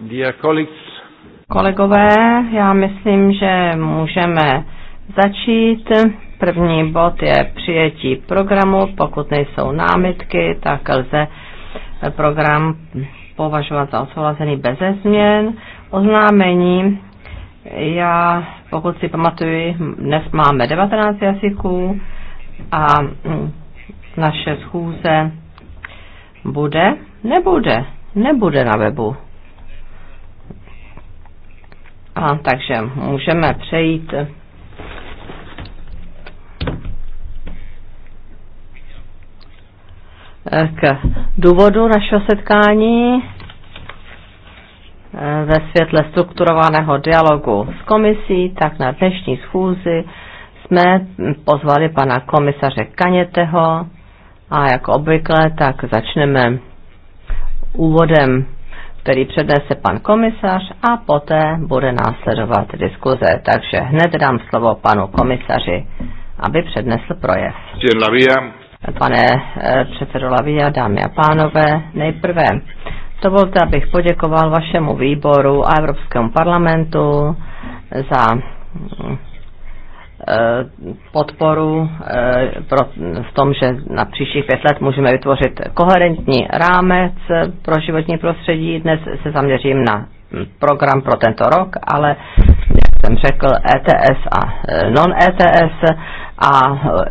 Dear colleagues. Kolegové, já myslím, že můžeme začít. První bod je přijetí programu. Pokud nejsou námitky, tak lze program považovat za odsouhlasený bez změn. Oznámení. Já, pokud si pamatuju, dnes máme 19 jazyků a naše schůze bude, nebude, nebude na webu. A takže můžeme přejít k důvodu našeho setkání eh, ve světle strukturovaného dialogu s komisí, tak na dnešní schůzi jsme pozvali pana komisaře Kaněteho a jako obvykle, tak začneme úvodem který přednese pan komisař a poté bude následovat diskuze. Takže hned dám slovo panu komisaři, aby přednesl projev. Pane eh, předsedo Lavia, dámy a pánové, nejprve dovolte, abych poděkoval vašemu výboru a Evropskému parlamentu za mm, Eh, podporu eh, v tom, že na příštích pět let můžeme vytvořit koherentní rámec pro životní prostředí. Dnes se zaměřím na program pro tento rok, ale jak jsem řekl, ETS a eh, non-ETS a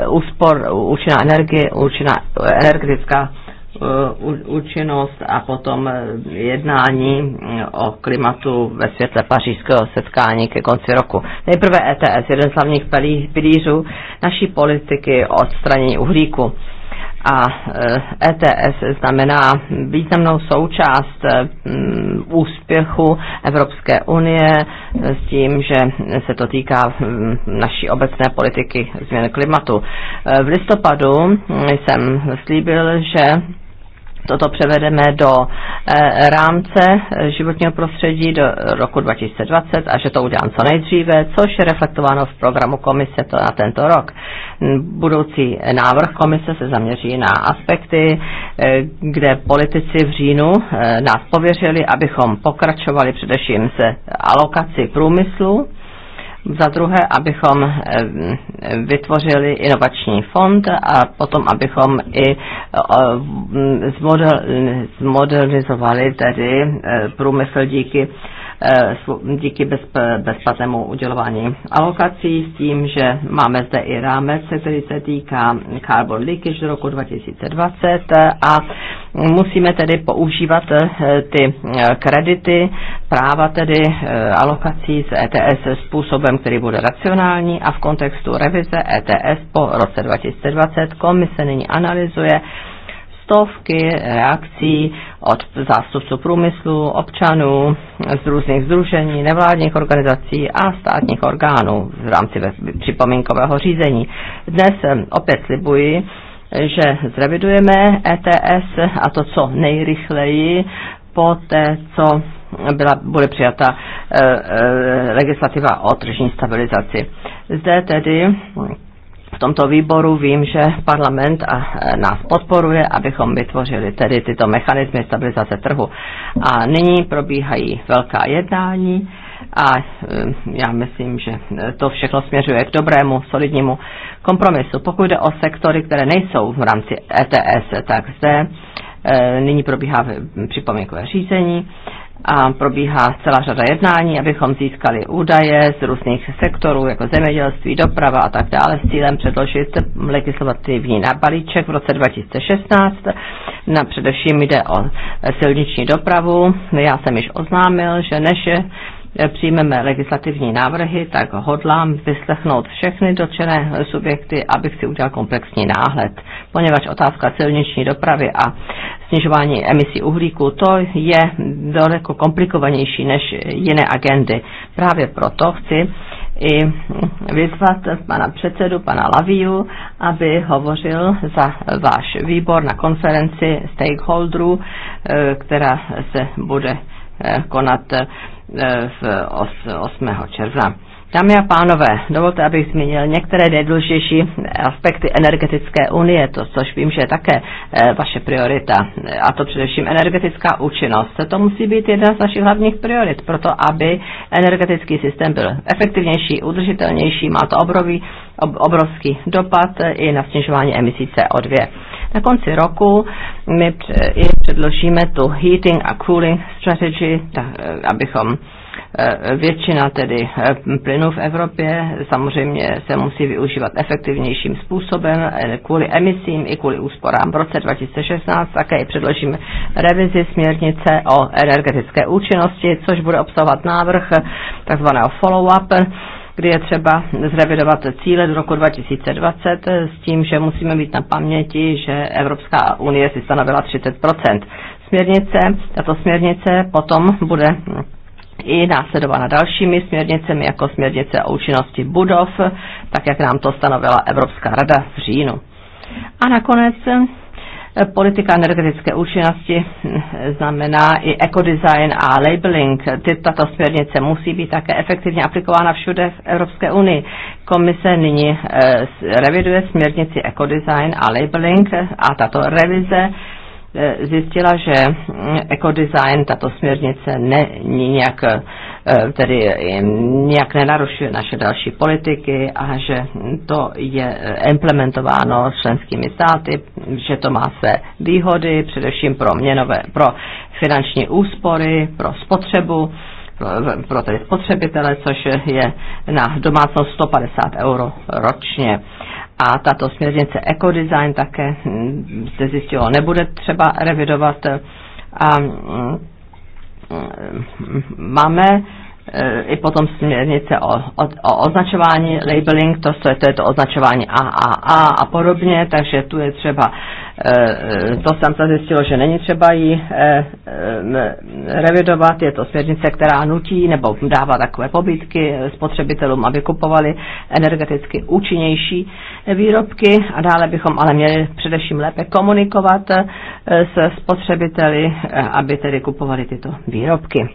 úspor, účinná energie, účinná energetická Eh, účinnost a potom eh, jednání eh, o klimatu ve světle pařížského setkání ke konci roku. Nejprve ETS, jeden z hlavních pilířů naší politiky o odstranění uhlíku. A ETS e znamená významnou součást mm, úspěchu Evropské unie s tím, že se to týká hm, naší obecné politiky změny klimatu. V listopadu hm, jsem slíbil, že toto převedeme do eh, rámce životního prostředí do roku 2020 a že to udělám co nejdříve, což je reflektováno v programu komise to na tento rok. Budoucí návrh komise se zaměří na aspekty, eh, kde politici v říjnu eh, nás pověřili, abychom pokračovali především se alokaci průmyslu za druhé, abychom eh, vytvořili inovační fond a potom, abychom i eh, zmodernizovali tedy eh, průmysl díky Eh, díky bezplatnému udělování alokací s tím, že máme zde i rámec, který se týká carbon leakage do roku 2020 a musíme tedy používat eh, ty eh, kredity, práva tedy alokací z ETS způsobem, který bude racionální a v kontextu revize ETS po roce 2020 komise nyní analyzuje, stovky reakcí od zástupců průmyslu, občanů, z různých združení, nevládních organizací a státních orgánů v rámci připomínkového řízení. Dnes eh, opět slibuji, že zrevidujeme ETS a to co nejrychleji po té, co byla, bude přijata e, e, legislativa o tržní stabilizaci. Zde tedy v tomto výboru vím, že parlament a, e, nás podporuje, abychom vytvořili tedy tyto mechanismy stabilizace trhu. A nyní probíhají velká jednání a e, já myslím, že to všechno směřuje k dobrému, solidnímu kompromisu. Pokud jde o sektory, které nejsou v rámci ETS, tak zde e, nyní probíhá připomínkové řízení a probíhá celá řada jednání, abychom získali údaje z různých sektorů, jako zemědělství, doprava a tak dále, s cílem předložit legislativní balíček v roce 2016. Na především jde o silniční dopravu. Já jsem již oznámil, že než Eh, přijmeme legislativní návrhy, tak hodlám vyslechnout všechny dotčené subjekty, abych si udělal komplexní náhled. Poněvadž otázka silniční dopravy a snižování emisí uhlíku, to je daleko komplikovanější než jiné agendy. Právě proto chci i vyzvat pana předsedu, pana Laviu, aby hovořil za váš výbor na konferenci stakeholderů, eh, která se bude eh, konat Eh, v 8. června. Dámy a pánové, dovolte, abych zmínil některé nejdůležitější aspekty energetické unie, to, což vím, že je také eh, vaše priorita, a to především energetická účinnost. To musí být jedna z našich hlavních priorit, proto aby energetický systém byl efektivnější, udržitelnější, má to obrový, obrovský dopad eh, i na snižování emisí CO2. Na konci roku my předložíme tu heating a cooling strategy, tak, eh, abychom eh, většina tedy eh, plynu v Evropě samozřejmě se musí využívat efektivnějším způsobem kvůli emisím i kvůli úsporám. V roce 2016 také předložíme revizi směrnice o energetické účinnosti, což bude obsahovat návrh takzvaného follow-up kdy je třeba zrevidovat cíle do roku 2020 s tím, že musíme mít na paměti, že Evropská unie si stanovila 30 Směrnice, tato směrnice potom bude i následována dalšími směrnicemi, jako směrnice o účinnosti budov, tak jak nám to stanovila Evropská rada v říjnu. A nakonec Politika energetické účinnosti znamená i ekodesign a labeling. Tato směrnice musí být také efektivně aplikována všude v Evropské unii. Komise nyní eh, reviduje směrnici ekodesign a labeling a tato revize eh, zjistila, že mm, ekodesign, tato směrnice, není nějak eh, Eh, tedy nějak nenarušuje naše další politiky a že to je eh, implementováno členskými státy, že to má své výhody, především pro měnové, pro finanční úspory, pro spotřebu pro, pro tedy spotřebitele, což je na domácnost 150 euro ročně. A tato směrnice ecodesign také se hm, zjistilo, nebude třeba revidovat eh, a hm, máme Eh, i potom směrnice o, o, o označování, labeling, to, to, je, to je to označování AAA a podobně, takže tu je třeba, eh, to jsem se zjistilo, že není třeba ji eh, revidovat, je to směrnice, která nutí nebo dává takové pobytky spotřebitelům, aby kupovali energeticky účinnější výrobky a dále bychom ale měli především lépe komunikovat se spotřebiteli, aby tedy kupovali tyto výrobky.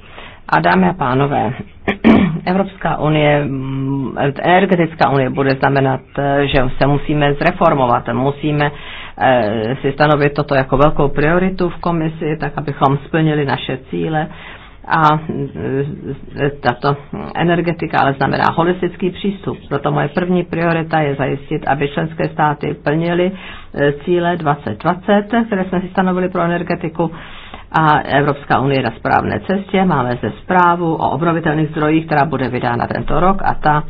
A dámy a pánové, Evropská unie, mm, energetická unie bude znamenat, eh, že se musíme zreformovat, musíme eh, si stanovit toto jako velkou prioritu v komisi, tak abychom splnili naše cíle. A eh, tato energetika ale znamená holistický přístup. Proto moje první priorita je zajistit, aby členské státy plnily cíle 2020, které jsme si stanovili pro energetiku a Evropská unie na správné cestě. Máme zde zprávu o obnovitelných zdrojích, která bude vydána tento rok a ta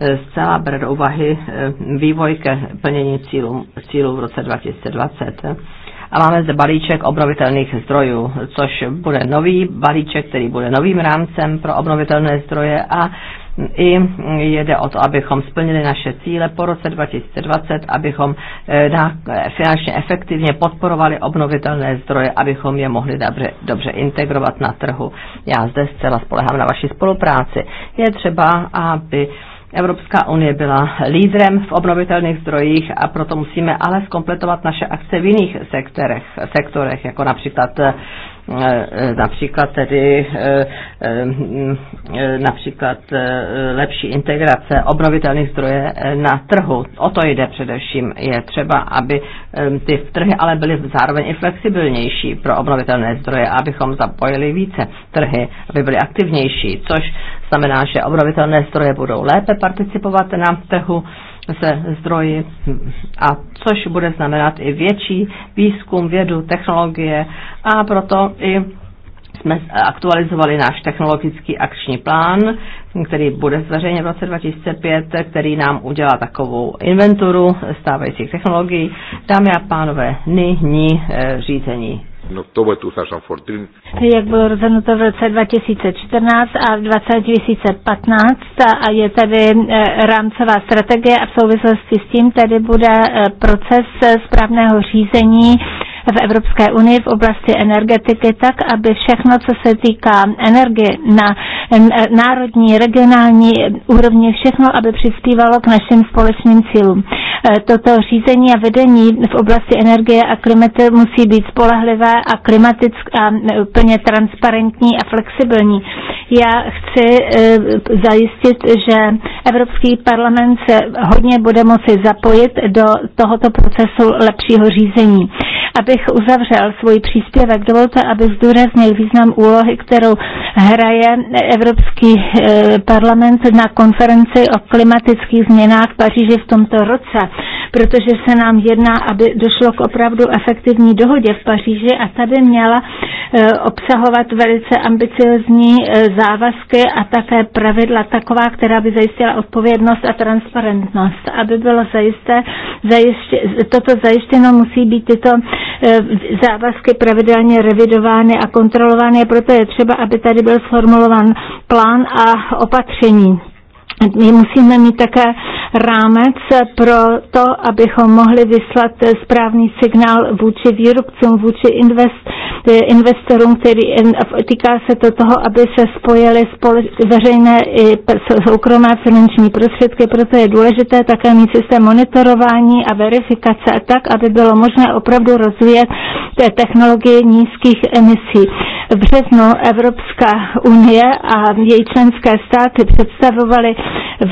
e, zcela bere do úvahy e, vývoj ke plnění cílů, cílů v roce 2020. A máme zde balíček obnovitelných zdrojů, což bude nový balíček, který bude novým rámcem pro obnovitelné zdroje a i jde o to, abychom splnili naše cíle po roce 2020, abychom eh, eh, finančně efektivně podporovali obnovitelné zdroje, abychom je mohli dobře, dobře integrovat na trhu. Já zde zcela spolehám na vaši spolupráci. Je třeba, aby Evropská unie byla lídrem v obnovitelných zdrojích a proto musíme ale skompletovat naše akce v jiných sektorech, sektorech jako například eh, Eh, eh, například tedy eh, hm, například lepší integrace obnovitelných zdroje na trhu. O to jde především. Je třeba, aby ty trhy ale byly zároveň i flexibilnější pro obnovitelné zdroje, abychom zapojili více trhy, aby byly aktivnější, což znamená, že obnovitelné zdroje budou lépe participovat na trhu se zdroji, a což bude znamenat i větší výzkum, vědu, technologie a proto i jsme aktualizovali náš technologický akční plán, který bude zveřejněn v roce 2005, který nám udělá takovou inventuru stávajících technologií. Dámy a pánové, nyní eh, řízení No, Jak bylo rozhodnuto v roce 2014 a v 2015 a je tady eh, rámcová strategie a v souvislosti s tím tedy bude eh, proces eh, správného řízení v Evropské unii v oblasti energetiky tak, aby všechno, co se týká energie na národní, regionální úrovni, všechno, aby přispívalo k našim společným cílům. E, toto řízení a vedení v oblasti energie a klimatu musí být spolehlivé a klimatické a plně transparentní a flexibilní. Já chci e, zajistit, že Evropský parlament se hodně bude moci zapojit do tohoto procesu lepšího řízení. Aby abych uzavřel svůj příspěvek, dovolte, aby zdůraznil význam úlohy, kterou hraje Evropský eh, parlament na konferenci o klimatických změnách v Paříži v tomto roce protože se nám jedná, aby došlo k opravdu efektivní dohodě v Paříži a ta by měla eh, obsahovat velice ambiciozní eh, závazky a také pravidla taková, která by zajistila odpovědnost a transparentnost. Aby bylo zajisté, zajiště, toto zajištěno musí být tyto eh, závazky pravidelně revidovány a kontrolovány proto je třeba, aby tady byl sformulován plán a opatření my musíme mít také rámec pro to, abychom mohli vyslat správný signál vůči výrobcům, vůči invest, investorům, který týká se to toho, aby se spojily veřejné i soukromé finanční prostředky, proto je důležité také mít systém monitorování a verifikace tak, aby bylo možné opravdu rozvíjet té technologie nízkých emisí. V březnu Evropská unie a její členské státy představovaly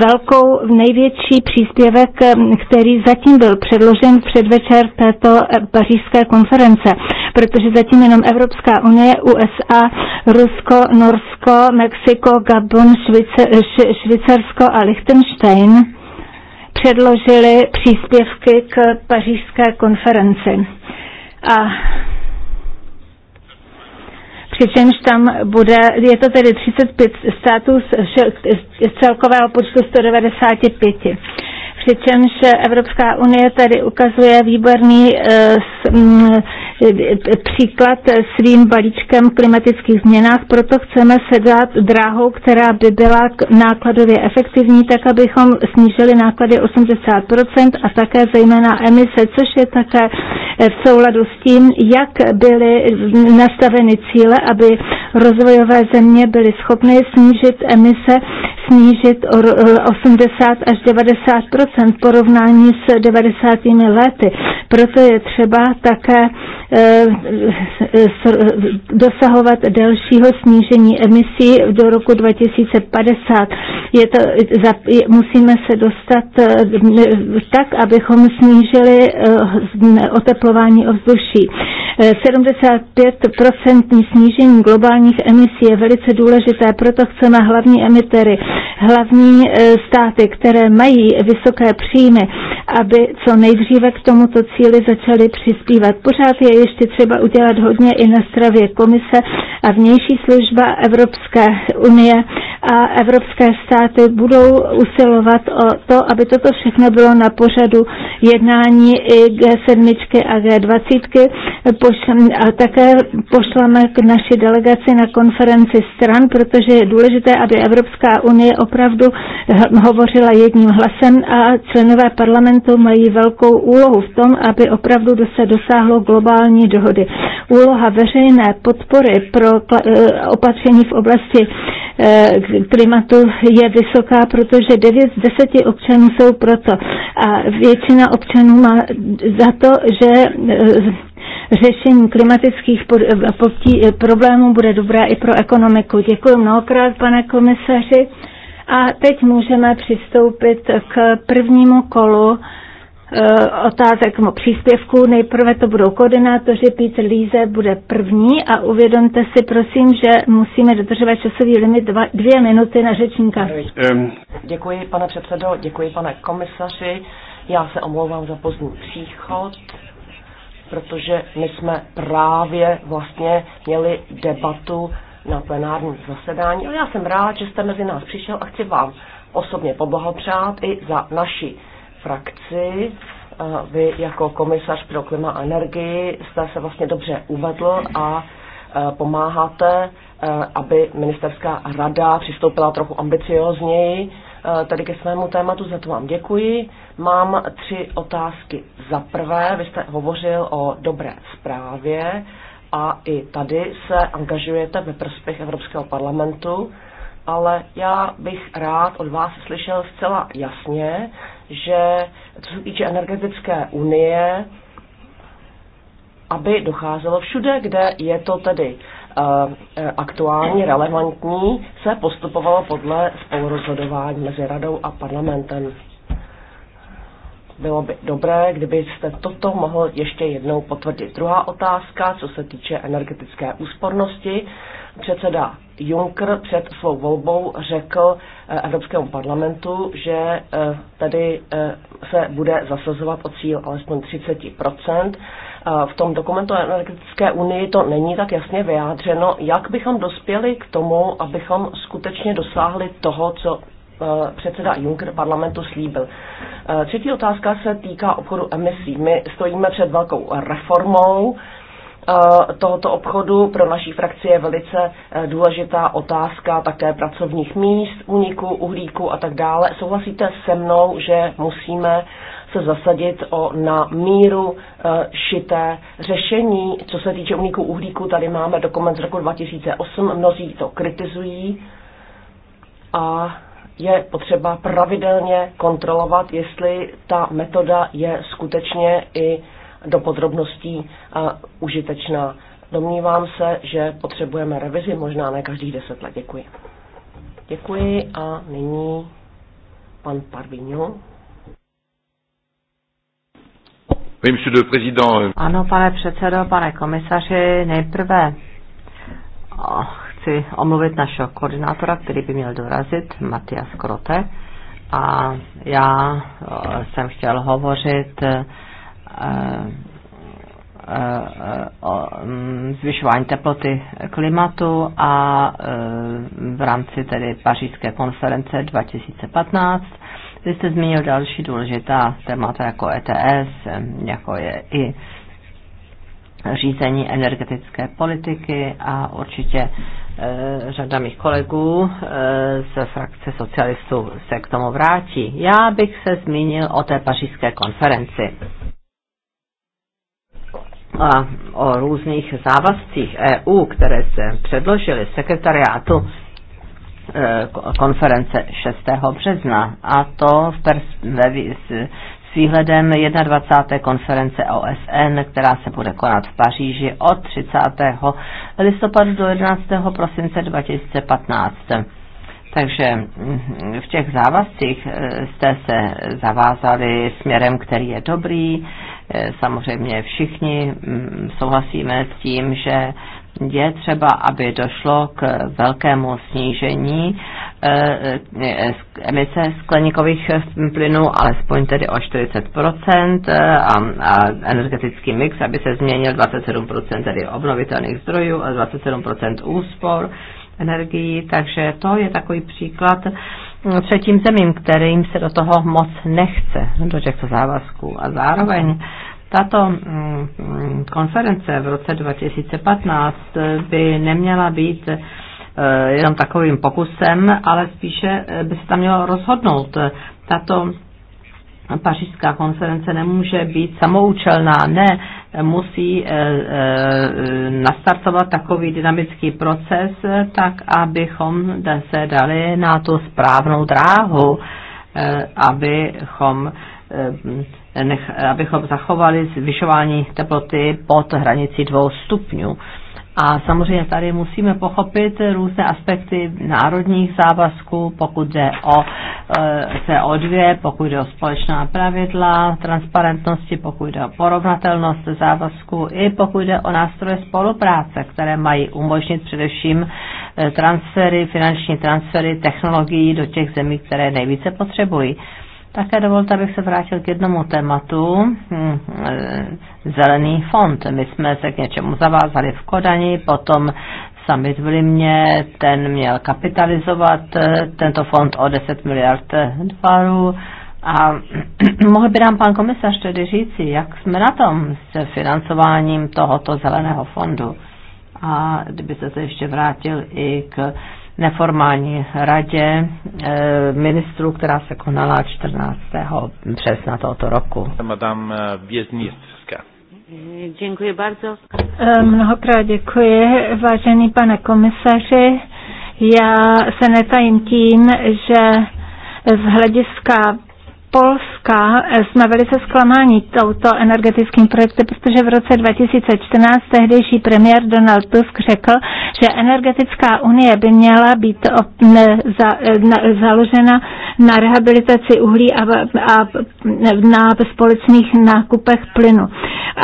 velkou, největší příspěvek, eh, který zatím byl předložen v předvečer této eh, pařížské konference, protože zatím jenom Evropská unie, USA, Rusko, Norsko, Mexiko, Gabon, Švice, eh, Švýcarsko a Liechtenstein předložili příspěvky k pařížské konferenci. A přičemž tam bude, je to tedy 35 států z celkového počtu 195. Přičemž Evropská unie tady ukazuje výborný eh, mm, eh, příklad svým balíčkem klimatických změnách, proto chceme se dát dráhou, která by byla nákladově efektivní, tak abychom snížili náklady 80% a také zejména emise, což je také eh, v souladu s tím, jak byly nastaveny cíle, aby rozvojové země byly schopny snížit emise snížit 80 až 90 v porovnání s 90. lety. Proto je třeba také eh, dosahovat delšího snížení emisí do roku 2050. Je to, musíme se dostat eh, tak, abychom snížili eh, oteplování ovzduší. 75% snížení globálních emisí je velice důležité, proto chceme hlavní emitery, hlavní státy, které mají vysoké vysoké příjmy, aby co nejdříve k tomuto cíli začaly přispívat. Pořád je ještě třeba udělat hodně i na stravě komise a vnější služba Evropské unie a evropské státy budou usilovat o to, aby toto všechno bylo na pořadu jednání i G7 a G20. A také pošleme k naší delegaci na konferenci stran, protože je důležité, aby Evropská unie opravdu hovořila jedním hlasem a členové parlamentu mají velkou úlohu v tom, aby opravdu se dosáhlo globální dohody. Úloha veřejné podpory pro eh, opatření v oblasti eh, klimatu je vysoká, protože 9 z 10 občanů jsou proto. A většina občanů má za to, že eh, řešení klimatických problémů bude dobré i pro ekonomiku. Děkuji mnohokrát, pane komisaři. A teď můžeme přistoupit k prvnímu kolu eh, otázek o příspěvku. Nejprve to budou koordinátoři, Pít Líze bude první a uvědomte si prosím, že musíme dodržovat časový limit dva, dvě minuty na řečníka. Děkuji, pane předsedo, děkuji, pane komisaři. Já se omlouvám za pozdní příchod, protože my jsme právě vlastně měli debatu na plenárním zasedání. A já jsem rád, že jste mezi nás přišel a chci vám osobně poblahopřát i za naši frakci. Vy jako komisař pro klima a energii jste se vlastně dobře uvedl a e, pomáháte, e, aby ministerská rada přistoupila trochu ambiciozněji e, tady ke svému tématu, za to vám děkuji. Mám tři otázky. Za prvé, vy jste hovořil o dobré zprávě a i tady se angažujete ve prospěch Evropského parlamentu, ale já bych rád od vás slyšel zcela jasně, že co se týče energetické unie, aby docházelo všude, kde je to tedy eh, aktuální, relevantní, se postupovalo podle spolurozhodování mezi radou a parlamentem. Bylo by dobré, kdybyste toto mohl ještě jednou potvrdit. Druhá otázka, co se týče energetické úspornosti. Předseda Juncker před svou volbou řekl eh, Evropskému parlamentu, že eh, tady eh, se bude zasazovat o cíl alespoň 30 V tom dokumentu energetické unii to není tak jasně vyjádřeno, jak bychom dospěli k tomu, abychom skutečně dosáhli toho, co Eh, předseda Juncker parlamentu slíbil. Eh, třetí otázka se týká obchodu emisí. My stojíme před velkou reformou eh, tohoto obchodu. Pro naší frakci je velice důležitá otázka také pracovních míst, uniku, uhlíku a tak dále. Souhlasíte se mnou, že musíme se zasadit o na míru šité řešení. Co se týče uniku uhlíku, tady máme dokument z roku 2008, mnozí to kritizují. A je potřeba pravidelně kontrolovat, jestli ta metoda je skutečně i do podrobností užitečná. Domnívám se, že potřebujeme revizi, možná ne každých deset let. Děkuji. Děkuji a nyní pan Parvinu. Ano, pane předsedo, pane komisaři, nejprve oh, chci omluvit našeho koordinátora, který by měl dorazit, Matias Krote. A já eh, jsem chtěl hovořit eh, eh, o mm, zvyšování teploty klimatu a v rámci tedy pařížské konference 2015. Vy jste zmínil další důležitá témata jako ETS, jako je i řízení energetické politiky a určitě e, řada mých kolegů e, ze frakce socialistů se k tomu vrátí. Já bych se zmínil o té pařížské konferenci a o různých závazcích EU, které se předložili sekretariátu e, konference 6. března a to v pers- ve, s výhledem 21. konference OSN, která se bude konat v Paříži od 30. listopadu do 11. prosince 2015. Takže mm, v těch závazcích eh, jste se zavázali směrem, který je dobrý. Eh, samozřejmě všichni mm, souhlasíme s tím, že je třeba, aby došlo k velkému snížení eh, eh, emise skleníkových plynů, alespoň tedy o 40% eh, a, a energetický mix, aby se změnil 27% tedy obnovitelných zdrojů a 27% úspor energií, takže to je takový příklad třetím zemím, kterým se do toho moc nechce, do těchto závazků. A zároveň tato mm, mm, konference v roce 2015 eh, by neměla být eh, jenom takovým pokusem, ale spíše eh, by se tam mělo rozhodnout. Tato pařížská konference nemůže být samoučelná, ne, musí nastartovat takový dynamický proces, tak abychom se dali na tu správnou dráhu, abychom nech, abychom zachovali zvyšování teploty pod hranici dvou stupňů. A samozřejmě tady musíme pochopit různé aspekty národních závazků, pokud jde o eh, CO2, pokud jde o společná pravidla, transparentnosti, pokud jde o porovnatelnost závazků i pokud jde o nástroje spolupráce, které mají umožnit především eh, transfery, finanční transfery technologií do těch zemí, které nejvíce potřebují. Také dovolte, abych se vrátil k jednomu tématu. Hm, eh, zelený fond. My jsme se k něčemu zavázali v Kodani, potom sami v Limě, ten měl kapitalizovat eh, tento fond o 10 miliard dolarů. A mohl by nám pan komisař tedy říci, jak jsme na tom s financováním tohoto zeleného fondu? A kdyby se ještě vrátil i k neformální radě eh, ministrů, která se konala 14. března tohoto roku. Madame eh, Děkuji bardzo. Eh, mnohokrát děkuji, vážený pane komisaři. Já se netajím tím, že z hlediska Polska jsme velice zklamáni touto energetickým projektem, protože v roce 2014 tehdejší premiér Donald Tusk řekl, že energetická unie by měla být založena na rehabilitaci uhlí a, a na společných nákupech plynu.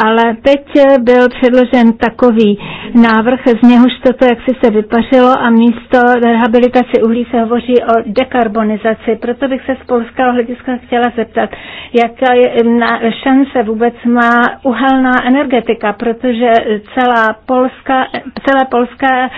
Ale teď byl předložen takový návrh, z něhož toto jaksi se vypařilo a místo rehabilitaci uhlí se hovoří o dekarbonizaci. Proto bych se z polského hlediska chtěla chtěla zeptat, jaká je šance vůbec má uhelná energetika, protože celá Polska, celé Polska.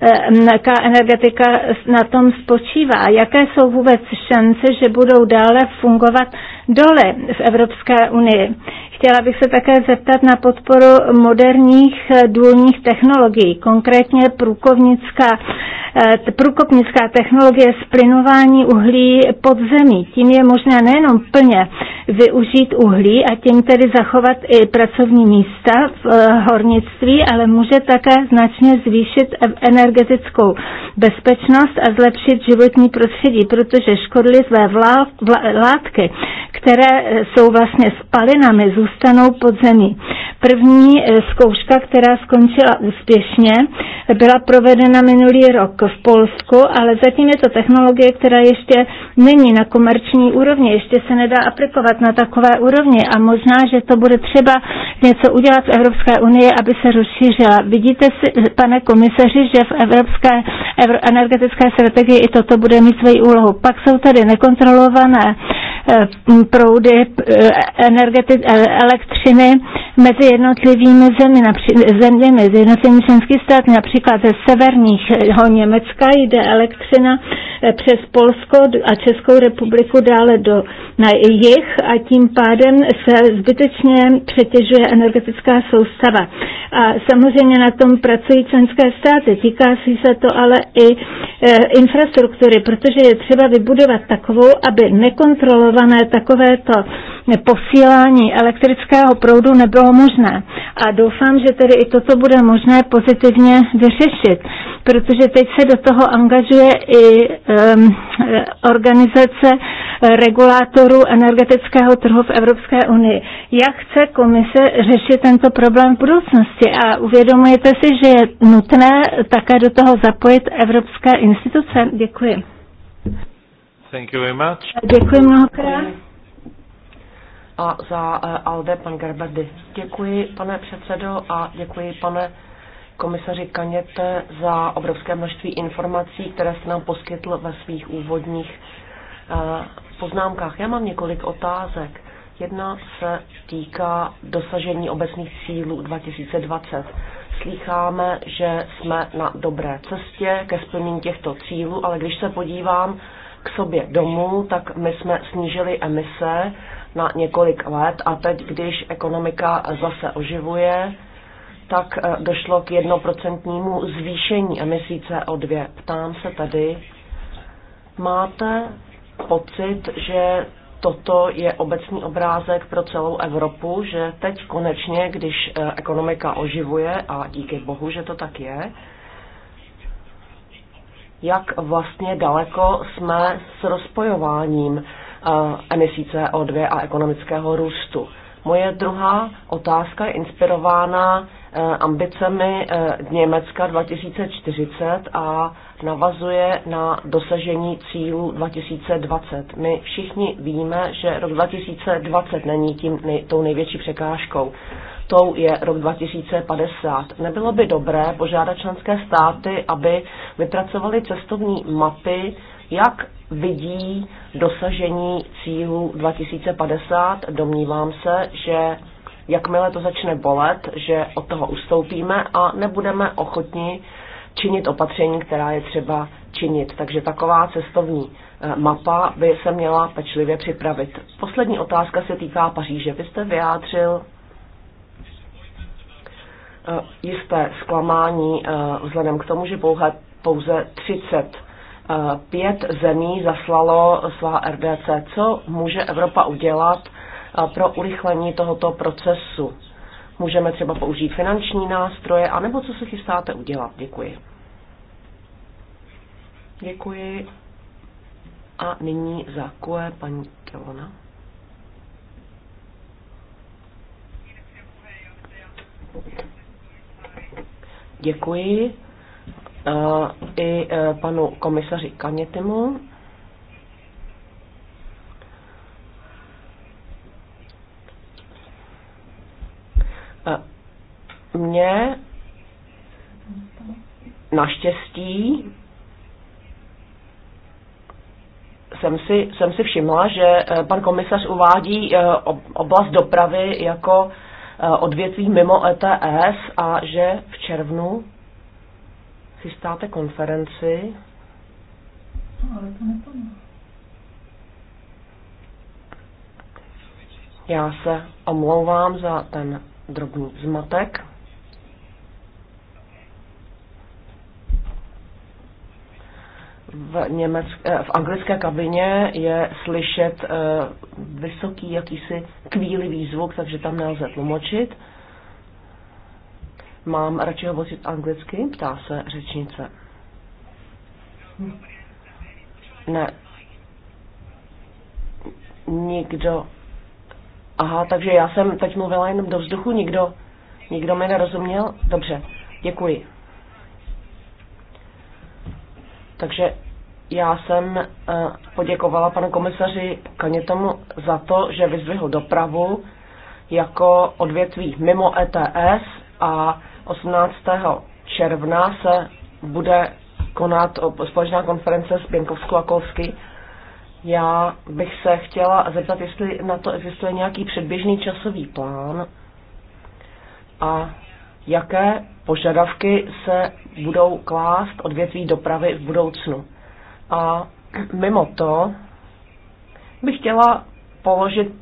Eh, jaká energetika na tom spočívá, jaké jsou vůbec šance, že budou dále fungovat dole v Evropské unii. Chtěla bych se také zeptat na podporu moderních eh, důlních technologií, konkrétně průkovnická, eh, průkopnická technologie splinování uhlí pod zemí. Tím je možné nejenom plně využít uhlí a tím tedy zachovat i pracovní místa v hornictví, ale může také značně zvýšit energetiku energetickou bezpečnost a zlepšit životní prostředí, protože škodlivé vlá, vlá, látky, které eh, jsou vlastně spalinami, zůstanou pod zemí. První eh, zkouška, která skončila úspěšně, byla provedena minulý rok v Polsku, ale zatím je to technologie, která ještě není na komerční úrovni, ještě se nedá aplikovat na takové úrovni a možná, že to bude třeba něco udělat v Evropské unii, aby se rozšířila. Vidíte, si, pane komisaři, že v evropské evro, energetické strategii i toto bude mít svoji úlohu. Pak jsou tady nekontrolované Eh, proudy eh, energeti- eh, elektřiny mezi jednotlivými zemi, napří- zeměmi, z jednotlivými členských států, například ze severního Německa jde elektřina přes Polsko a Českou republiku dále do, na jih a tím pádem se zbytečně přetěžuje energetická soustava. A samozřejmě na tom pracují členské státy. Týká se to ale i e, infrastruktury, protože je třeba vybudovat takovou, aby nekontrolovat izolované takovéto posílání elektrického proudu nebylo možné. A doufám, že tedy i toto bude možné pozitivně vyřešit, protože teď se do toho angažuje i um, organizace regulátorů energetického trhu v Evropské unii. Jak chce komise řešit tento problém v budoucnosti? A uvědomujete si, že je nutné také do toho zapojit evropské instituce? Děkuji. Thank you very much. Děkuji mnohokrát. A za uh, Alde pan Gerberdy. Děkuji, pane předsedo, a děkuji, pane komisaři Kaněte, za obrovské množství informací, které jste nám poskytl ve svých úvodních uh, poznámkách. Já mám několik otázek. Jedna se týká dosažení obecných cílů 2020. Slycháme, že jsme na dobré cestě ke splnění těchto cílů, ale když se podívám k sobě domů, tak my jsme snížili emise na několik let a teď, když ekonomika zase oživuje, tak eh, došlo k jednoprocentnímu zvýšení emisí CO2. Ptám se tady, máte pocit, že toto je obecný obrázek pro celou Evropu, že teď konečně, když eh, ekonomika oživuje, a díky bohu, že to tak je, jak vlastně daleko jsme s rozpojováním eh, emisí CO2 a ekonomického růstu. Moje druhá otázka je inspirována eh, ambicemi eh, Německa 2040 a navazuje na dosažení cílů 2020. My všichni víme, že rok 2020 není tím nej, tou největší překážkou tou je rok 2050. Nebylo by dobré požádat členské státy, aby vypracovali cestovní mapy, jak vidí dosažení cílů 2050. Domnívám se, že jakmile to začne bolet, že od toho ustoupíme a nebudeme ochotni činit opatření, která je třeba činit. Takže taková cestovní eh, mapa by se měla pečlivě připravit. Poslední otázka se týká Paříže. Vy jste vyjádřil Eh, jisté zklamání eh, vzhledem k tomu, že pouze 35 eh, zemí zaslalo svá RDC. Co může Evropa udělat pro urychlení tohoto procesu? Můžeme třeba použít finanční nástroje, anebo co se chystáte udělat? Děkuji. Děkuji. A nyní za QE paní Kelona. Thank you. Děkuji eh, i eh, panu komisaři Kanětemu. Eh, Mě naštěstí jsem si, jsem si všimla, že pan komisař uvádí oblast dopravy jako Eh, odvětví mimo ETS a že v červnu chystáte konferenci. No, Já se omlouvám za ten drobný zmatek. v, německ- eh, v anglické kabině je slyšet eh, vysoký jakýsi kvílivý zvuk, takže tam nelze tlumočit. Mám radši hovořit anglicky? Ptá se řečnice. Hm. Ne. Nikdo. Aha, takže já jsem teď mluvila jenom do vzduchu, nikdo, nikdo mi nerozuměl? Dobře, děkuji. Takže já jsem eh, poděkovala panu komisaři Kanětomu za to, že vyzvihl dopravu jako odvětví mimo ETS a 18. června se bude konat společná konference s Běnkovskou a Kolsky. Já bych se chtěla zeptat, jestli na to existuje nějaký předběžný časový plán a jaké požadavky se budou klást odvětví dopravy v budoucnu. A mimo to bych chtěla položit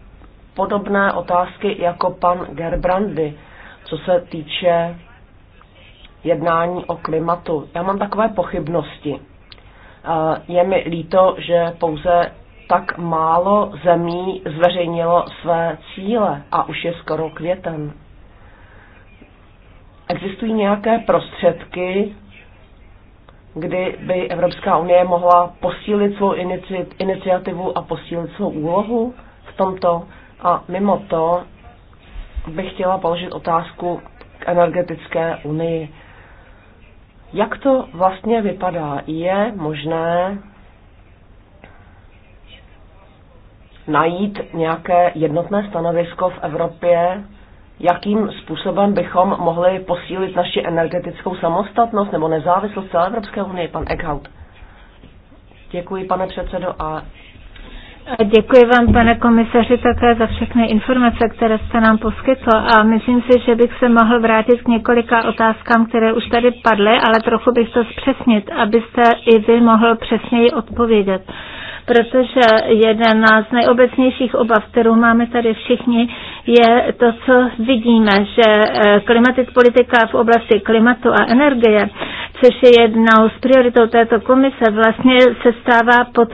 podobné otázky jako pan Gerbrandy, co se týče jednání o klimatu. Já mám takové pochybnosti. Je mi líto, že pouze tak málo zemí zveřejnilo své cíle a už je skoro květen. Existují nějaké prostředky, kdy by Evropská unie mohla posílit svou inici, iniciativu a posílit svou úlohu v tomto? A mimo to bych chtěla položit otázku k energetické unii. Jak to vlastně vypadá? Je možné najít nějaké jednotné stanovisko v Evropě jakým způsobem bychom mohli posílit naši energetickou samostatnost nebo nezávislost celé Evropské unie, pan Eckhout. Děkuji, pane předsedo, a Děkuji vám, pane komisaři, také za všechny informace, které jste nám poskytl a myslím si, že bych se mohl vrátit k několika otázkám, které už tady padly, ale trochu bych to zpřesnit, abyste i vy mohl přesněji odpovědět. Protože jeden z nejobecnějších obav, kterou máme tady všichni, je to, co vidíme, že eh, klimatická politika v oblasti klimatu a energie což je jednou z prioritou této komise, vlastně se stává pod,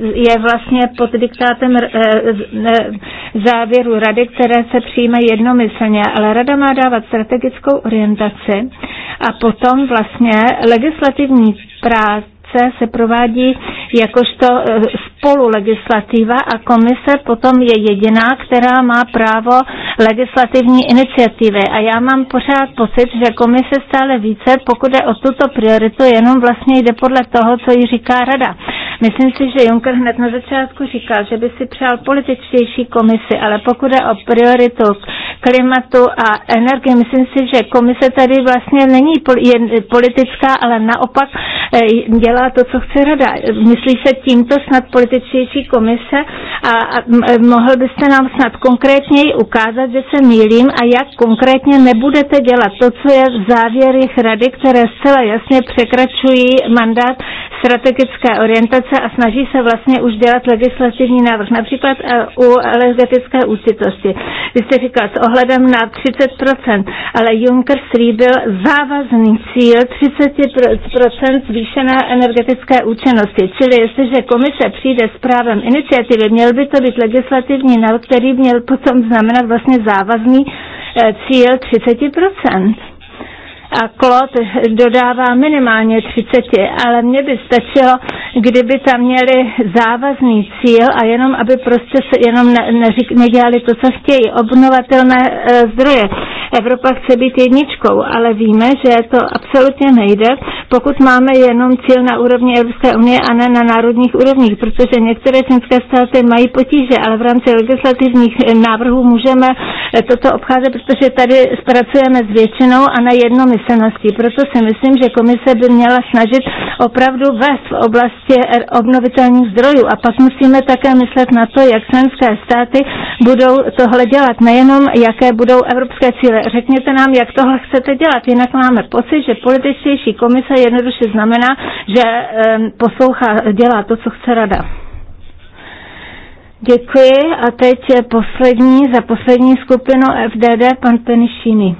je vlastně pod diktátem eh, eh, závěru rady, které se přijímají jednomyslně, ale rada má dávat strategickou orientaci a potom vlastně legislativní práce práce se provádí jakožto eh, spolulegislativa a komise potom je jediná, která má právo legislativní iniciativy. A já mám pořád pocit, že komise stále více, pokud je o tuto prioritu, jenom vlastně jde podle toho, co ji říká rada. Myslím si, že Juncker hned na začátku říkal, že by si přál političtější komisi, ale pokud je o prioritu klimatu a energie. Myslím si, že komise tady vlastně není politická, ale naopak eh, dělá to, co chce rada. Myslí se tímto snad političtější komise a, mohl byste nám snad konkrétněji ukázat, že se mýlím a jak konkrétně nebudete dělat to, co je v závěrech rady, které zcela jasně překračují mandát strategické orientace a snaží se vlastně už dělat legislativní návrh, například eh, u energetické úcitosti. Vy jste říkal, s ohledem na 30%, ale Juncker slíbil závazný cíl 30% zvýšené energetické účinnosti. Čili jestliže komise přijde s právem iniciativy, měl by to být legislativní návrh, který měl potom znamenat vlastně závazný eh, cíl 30% a Klot dodává minimálně 30, ale mně by stačilo, kdyby tam měli závazný cíl a jenom, aby prostě se jenom ne, neřík, nedělali to, co chtějí, obnovatelné e, zdroje. Evropa chce být jedničkou, ale víme, že to absolutně nejde, pokud máme jenom cíl na úrovni Evropské unie a ne na národních úrovních, protože některé členské státy mají potíže, ale v rámci legislativních návrhů můžeme toto obcházet, protože tady zpracujeme s většinou a na jednomyslnosti. Proto si myslím, že komise by měla snažit opravdu vést v oblasti obnovitelných zdrojů a pak musíme také myslet na to, jak členské státy budou tohle dělat, nejenom jaké budou evropské cíle. Řekněte nám, jak tohle chcete dělat, jinak máme pocit, že političtější komise jednoduše znamená, že poslouchá, dělá to, co chce rada. Děkuji a teď je poslední, za poslední skupinu FDD, pan Penišíny.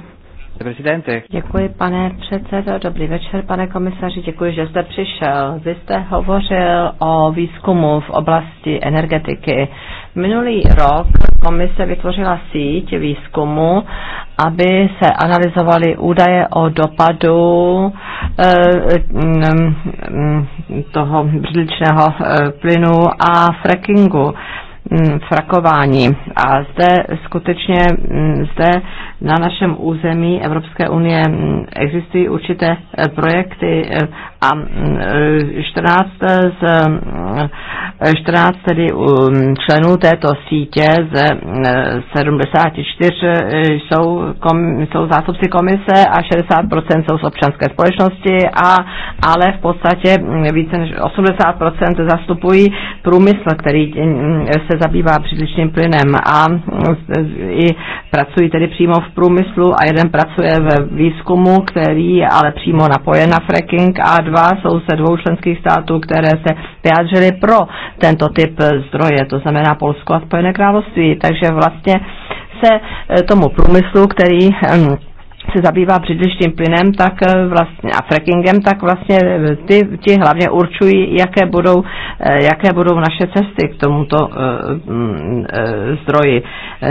Děkuji, pane předsedo. Dobrý večer, pane komisaři. Děkuji, že jste přišel. Vy jste hovořil o výzkumu v oblasti energetiky Minulý rok komise vytvořila síť výzkumu, aby se analyzovaly údaje o dopadu eh, eh, toho břidličného eh, plynu a frackingu hm, frakování. A zde skutečně hm, zde na našem území Evropské unie hm, existují určité projekty a 14 mm, eh, eh, z 14 eh, tedy mm, členů této sítě z 74 jsou, kom, jsou zástupci komise a 60% jsou z občanské společnosti, a, ale v podstatě mm, více než 80% zastupují průmysl, který se zabývá přílišným plynem a i pracují tedy přímo v průmyslu a jeden pracuje ve výzkumu, který je ale přímo napojen na fracking a dva dva dvou členských států, které se vyjádřily pro tento typ zdroje, to znamená Polsko a Spojené království. Takže vlastně se eh, tomu průmyslu, který ehm, se zabývá břidlištím plynem tak eh, vlastně, a frackingem, tak vlastně eh, ty, ti hlavně určují, jaké budou, jaké budou naše cesty k tomuto uh, uh, zdroji.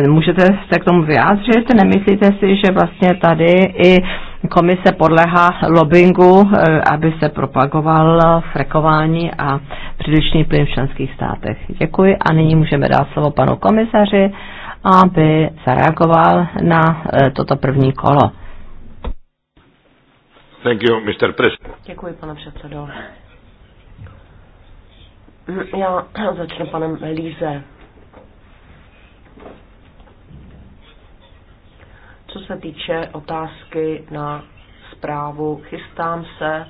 Můžete se k tomu vyjádřit? Nemyslíte si, že vlastně tady i komise podlehá lobbingu, eh, aby se propagoval frekování a přílišný plyn v členských státech. Děkuji a nyní můžeme dát slovo panu komisaři, aby zareagoval na eh, toto první kolo. Thank you, Mr. President. Děkuji, pane předsedo. Já začnu panem Líze. Co se týče otázky na zprávu, chystám se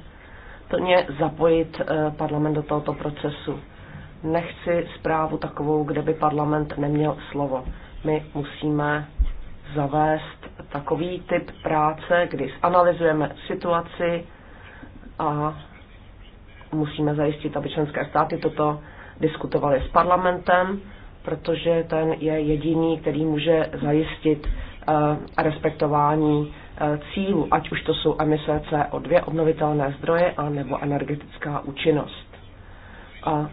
plně zapojit eh, parlament do tohoto procesu. Nechci zprávu takovou, kde by parlament neměl slovo. My musíme zavést takový typ práce, kdy zanalizujeme situaci a musíme zajistit, aby členské státy toto diskutovali s parlamentem, protože ten je jediný, který může zajistit Eh, respektování eh, cílů, ať už to jsou emise CO2, obnovitelné zdroje, a nebo energetická účinnost. A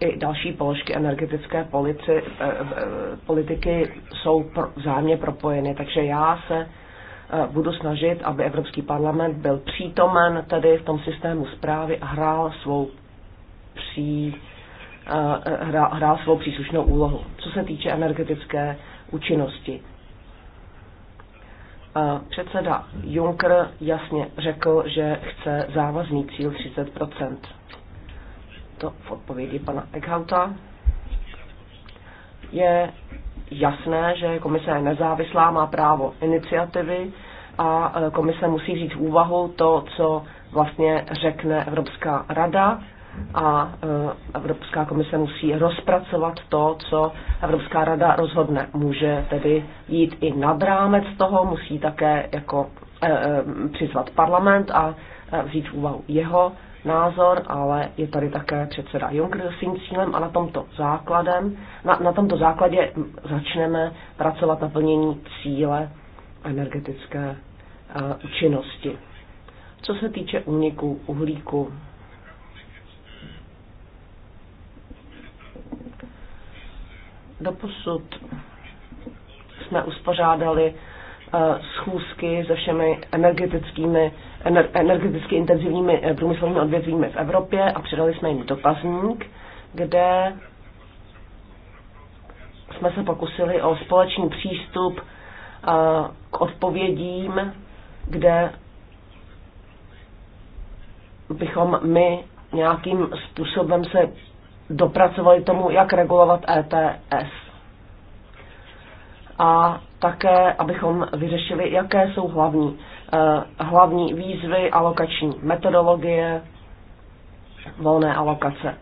i další položky energetické polici, eh, politiky jsou vzájemně propojeny, takže já se budu snažit, aby Evropský parlament byl přítomen tedy v tom systému zprávy a hrál svou, pří, hrál, hrál svou příslušnou úlohu. Co se týče energetické účinnosti. Předseda Juncker jasně řekl, že chce závazný cíl 30 To v odpovědi pana Eckhouta. Je jasné, že komise je nezávislá, má právo iniciativy a e, komise musí říct v úvahu to, co vlastně řekne Evropská rada a eh, Evropská komise musí rozpracovat to, co Evropská rada rozhodne. Může tedy jít i nad rámec toho, musí také jako eh, eh, přizvat parlament a vzít v úvahu jeho názor, ale je tady také předseda Juncker s svým cílem a na tomto základem, na, na tomto základě začneme pracovat na plnění cíle energetické uh, činnosti. Co se týče úniku uhlíku, Doposud jsme uspořádali eh, schůzky se všemi energetickými, ener, energeticky intenzivními eh, průmyslovými odvětvími v Evropě a předali jsme jim dotazník, kde jsme se pokusili o společný přístup eh, k odpovědím, kde bychom my nějakým způsobem se dopracovali tomu, jak regulovat ETS. A také, abychom vyřešili, jaké jsou hlavní, eh, hlavní výzvy alokační metodologie, volné alokace.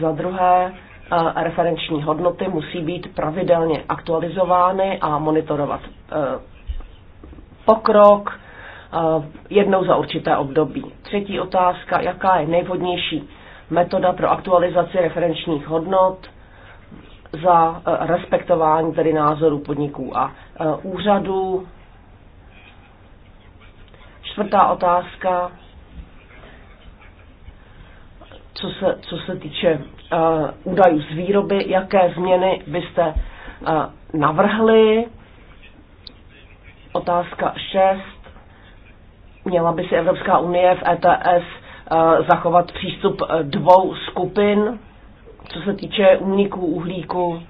Za druhé, eh, referenční hodnoty musí být pravidelně aktualizovány a monitorovat eh, pokrok jednou za určité období. Třetí otázka, jaká je nejvhodnější metoda pro aktualizaci referenčních hodnot za eh, respektování tedy názoru podniků a eh, úřadů. Čtvrtá otázka, co se, co se týče uh, údajů z výroby, jaké změny byste uh, navrhli. Otázka 6. Měla by si Evropská unie v ETS Eh, zachovat přístup eh, dvou skupin, co se týče úniků uhlíku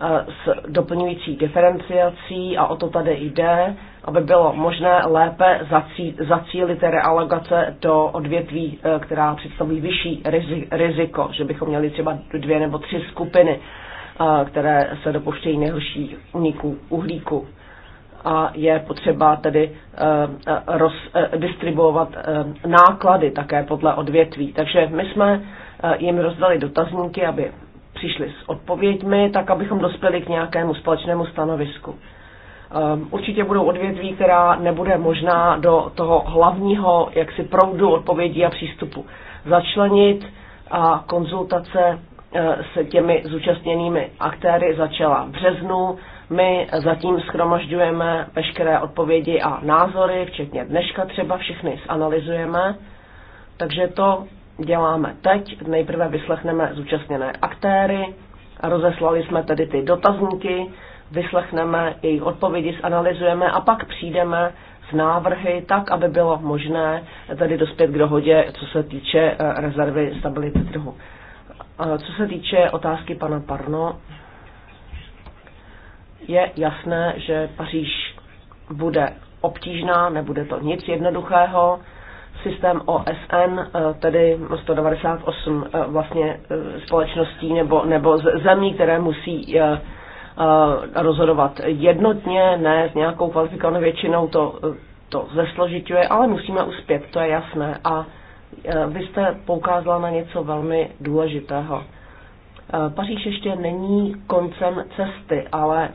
eh, s doplňující diferenciací a o to tady jde, aby bylo možné lépe zacílit realogace do odvětví, která představují vyšší riziko, že bychom měli třeba dvě nebo tři skupiny, které se dopuštějí nejhorší úniků uhlíku a je potřeba tedy eh, roz, eh, distribuovat eh, náklady také podle odvětví. Takže my jsme jim rozdali dotazníky, aby přišli s odpověďmi, tak abychom dospěli k nějakému společnému stanovisku. Určitě budou odvětví, která nebude možná do toho hlavního jaksi proudu odpovědí a přístupu začlenit a konzultace se těmi zúčastněnými aktéry začala v březnu my zatím schromažďujeme veškeré odpovědi a názory, včetně dneška třeba všechny zanalizujeme, takže to děláme teď. Nejprve vyslechneme zúčastněné aktéry, rozeslali jsme tedy ty dotazníky, vyslechneme jejich odpovědi, zanalizujeme a pak přijdeme s návrhy tak, aby bylo možné tady dospět k dohodě, co se týče eh, rezervy stability trhu. Eh, co se týče otázky pana Parno, je jasné, že Paříž bude obtížná, nebude to nic jednoduchého. Systém OSN, eh, tedy 198 eh, vlastně eh, společností nebo, nebo zemí, které musí rozhodovat jednotně, ne s nějakou kvalifikovanou většinou, to, to zesložituje, ale musíme uspět, to je jasné. A vy jste poukázala na něco velmi důležitého. Paříž ještě není koncem cesty, ale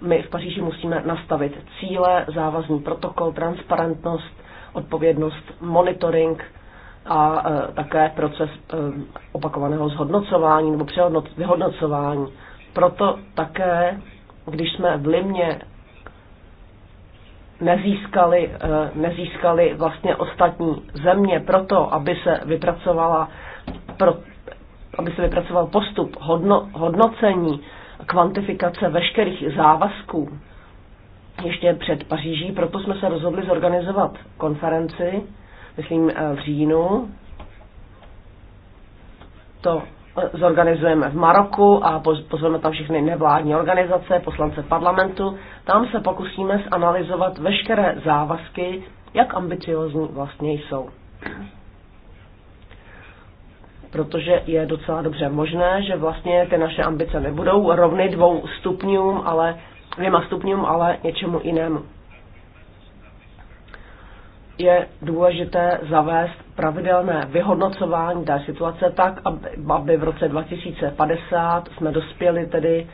my v Paříži musíme nastavit cíle, závazný protokol, transparentnost, odpovědnost, monitoring a e, také proces e, opakovaného zhodnocování nebo vyhodnocování. Proto také, když jsme v Limě nezískali, e, nezískali vlastně ostatní země proto, aby se vypracovala pro, aby se vypracoval postup hodno, hodnocení kvantifikace veškerých závazků ještě před Paříží, proto jsme se rozhodli zorganizovat konferenci, myslím eh, v říjnu. To eh, zorganizujeme v Maroku a pozveme tam všechny nevládní organizace, poslance parlamentu. Tam se pokusíme zanalizovat veškeré závazky, jak ambiciozní vlastně jsou protože je docela dobře možné, že vlastně ty naše ambice nebudou rovny dvou stupňům, ale dvěma stupňům, ale něčemu jinému. Je důležité zavést pravidelné vyhodnocování té situace tak, aby v roce 2050 jsme dospěli tedy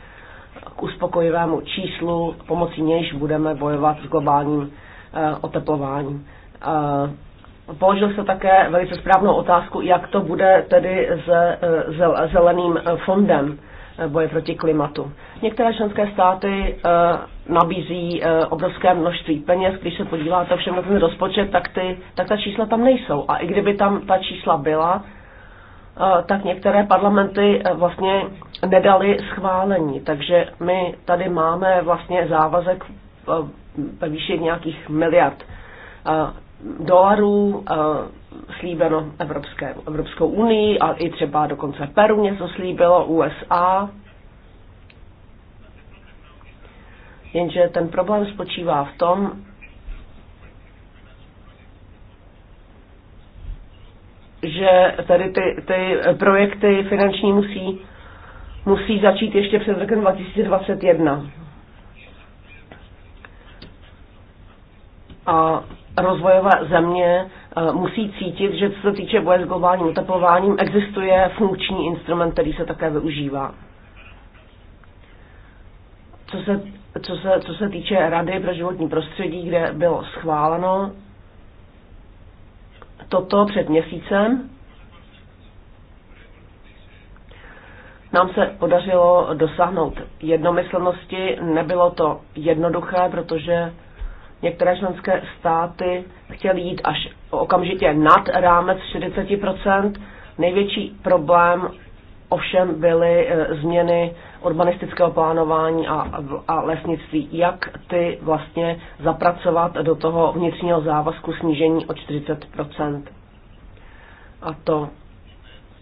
k uspokojivému číslu, pomocí nějž budeme bojovat s globálním eh, oteplováním eh, Položil se také velice správnou otázku, jak to bude tedy se eh, zeleným eh, fondem eh, boje proti klimatu. Některé členské státy nabízí obrovské množství peněz. Když se podíváte všem na ten rozpočet, tak, ty, tak ta čísla tam nejsou. A i kdyby tam ta čísla byla, tak některé parlamenty vlastně nedali schválení. Takže my tady máme vlastně závazek ve výši nějakých miliard dolarů eh, slíbeno Evropské, Evropskou unii a i třeba dokonce Peru něco slíbilo, USA. Jenže ten problém spočívá v tom, že tady ty, ty projekty finanční musí, musí začít ještě před rokem 2021. A rozvojová země eh, musí cítit, že co se týče boje s globálním oteplováním, existuje funkční instrument, který se také využívá. Co se, co se, co se týče Rady pro životní prostředí, kde bylo schváleno toto před měsícem, nám se podařilo dosáhnout jednomyslnosti. Nebylo to jednoduché, protože Některé členské státy chtěly jít až okamžitě nad rámec 40 Největší problém ovšem byly e, změny urbanistického plánování a, a lesnictví. Jak ty vlastně zapracovat do toho vnitřního závazku snížení o 40 A to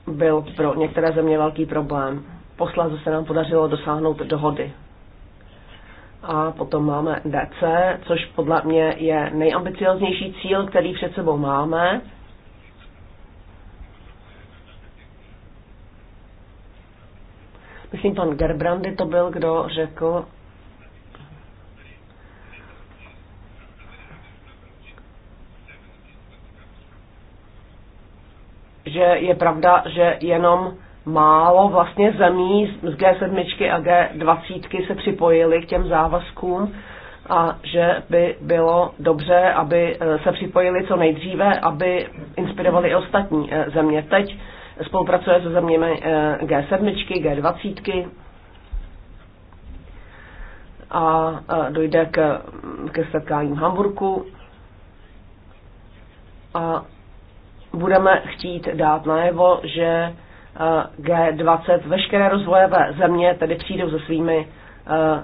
byl pro některé země velký problém. Posledně se nám podařilo dosáhnout dohody a potom máme DC, což podle mě je nejambicioznější cíl, který před sebou máme. Myslím, pan Gerbrandy to byl, kdo řekl, že je pravda, že jenom málo vlastně zemí z G7 a G20 se připojili k těm závazkům a že by bylo dobře, aby eh, se připojili co nejdříve, aby inspirovali i ostatní eh, země. Teď spolupracuje se zeměmi G7, eh, G20 a dojde k, ke v Hamburku a budeme chtít dát najevo, že Eh, G20, veškeré rozvojové země tedy přijdou se svými eh,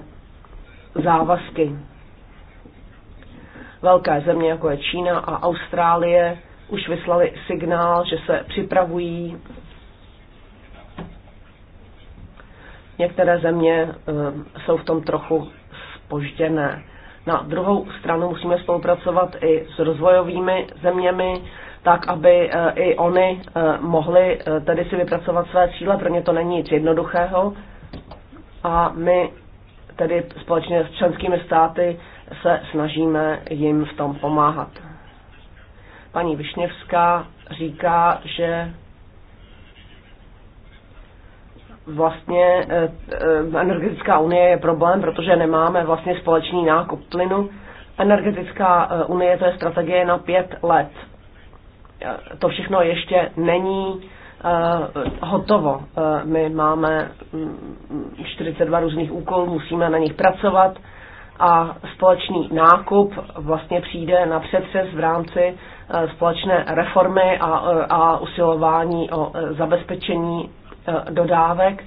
závazky. Velké země, jako je Čína a Austrálie, už vyslali signál, že se připravují. Některé země eh, jsou v tom trochu spožděné. Na druhou stranu musíme spolupracovat i s rozvojovými zeměmi, tak aby eh, i oni eh, mohli eh, tedy si vypracovat své cíle. Pro ně to není nic jednoduchého. A my tedy společně s členskými státy se snažíme jim v tom pomáhat. Paní Višněvská říká, že vlastně energetická unie je problém, protože nemáme vlastně společný nákup plynu. Energetická unie to je strategie na pět let Eh, to všechno ještě není eh, hotovo. Eh, my máme 42 mm, různých úkolů, musíme na nich pracovat a společný nákup vlastně přijde na přetřes v rámci společné reformy a, a usilování o zabezpečení dodávek.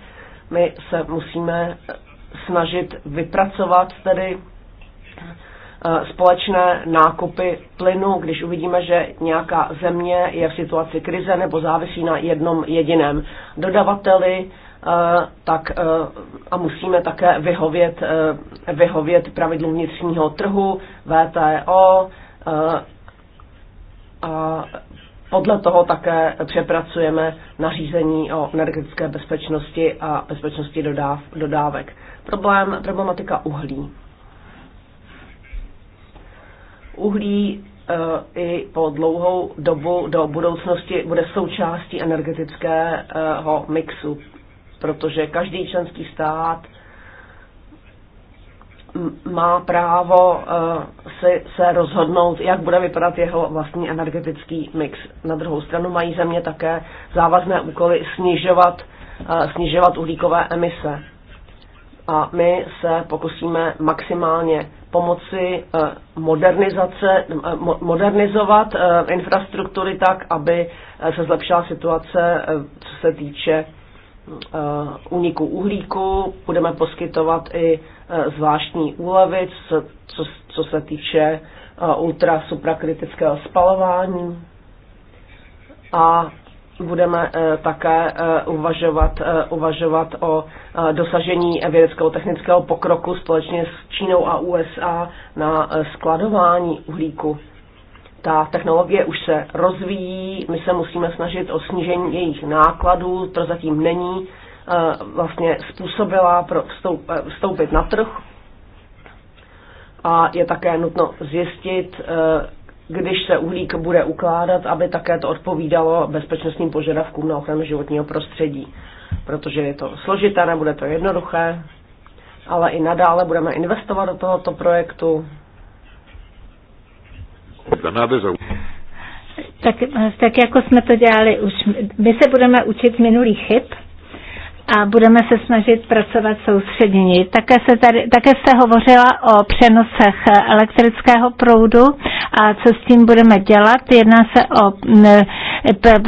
My se musíme snažit vypracovat tedy Eh, společné nákupy plynu, když uvidíme, že nějaká země je v situaci krize nebo závisí na jednom jediném dodavateli, eh, tak eh, a musíme také vyhovět, vyhovět pravidlům vnitřního trhu, VTO, a podle toho také přepracujeme nařízení o energetické bezpečnosti a bezpečnosti dodáv, dodávek. Problém, problematika uhlí. Uhlí eh, i po dlouhou dobu do budoucnosti bude součástí energetického mixu, protože každý členský stát má právo eh, si, se rozhodnout, jak bude vypadat jeho vlastní energetický mix. Na druhou stranu mají země také závazné úkoly snižovat, eh, snižovat uhlíkové emise. A my se pokusíme maximálně pomoci eh, modernizace, eh, modernizovat eh, infrastruktury tak, aby se zlepšila situace, co se týče úniku uhlíku. Budeme poskytovat i zvláštní úlevy, co, co, co se týče ultra suprakritického spalování. A budeme eh, také eh, uvažovat, eh, uvažovat o dosažení vědeckého technického pokroku společně s Čínou a USA na skladování uhlíku. Ta technologie už se rozvíjí, my se musíme snažit o snížení jejich nákladů, to zatím není vlastně způsobila pro vstoupit na trh. A je také nutno zjistit, když se uhlík bude ukládat, aby také to odpovídalo bezpečnostním požadavkům na ochranu životního prostředí. Protože je to složité, nebude to jednoduché, ale i nadále budeme investovat do tohoto projektu. Tak, tak jako jsme to dělali už, my se budeme učit z minulých chyb a budeme se snažit pracovat soustředění. Také, se tady, také jste hovořila o přenosech elektrického proudu a co s tím budeme dělat. Jedná se o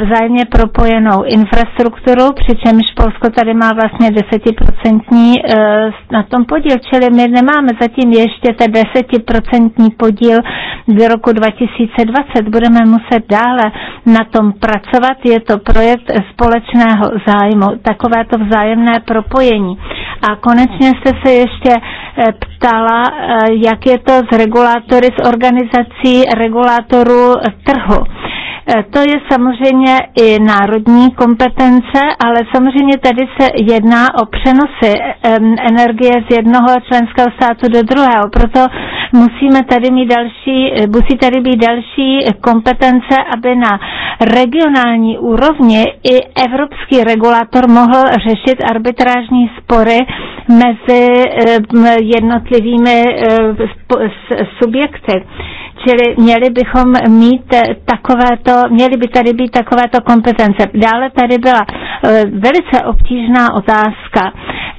vzájemně propojenou infrastrukturu, přičemž Polsko tady má vlastně desetiprocentní e, na tom podíl, čili my nemáme zatím ještě ten desetiprocentní podíl do roku 2020. Budeme muset dále na tom pracovat. Je to projekt společného zájmu, takové to vzájemné propojení. A konečně jste se ještě eh, ptala, eh, jak je to s regulátory, s organizací regulátorů trhu. Eh, to je samozřejmě i národní kompetence, ale samozřejmě tady se jedná o přenosy energie z jednoho členského státu do druhého. Proto musíme tady mít další, eh, musí tady být další kompetence, aby na regionální úrovni i evropský regulator mohl řešit arbitrážní spory mezi jednotlivými eh, subjekty. Čili měli bychom mít takovéto měly by tady být takovéto kompetence. Dále tady byla eh, velice obtížná otázka,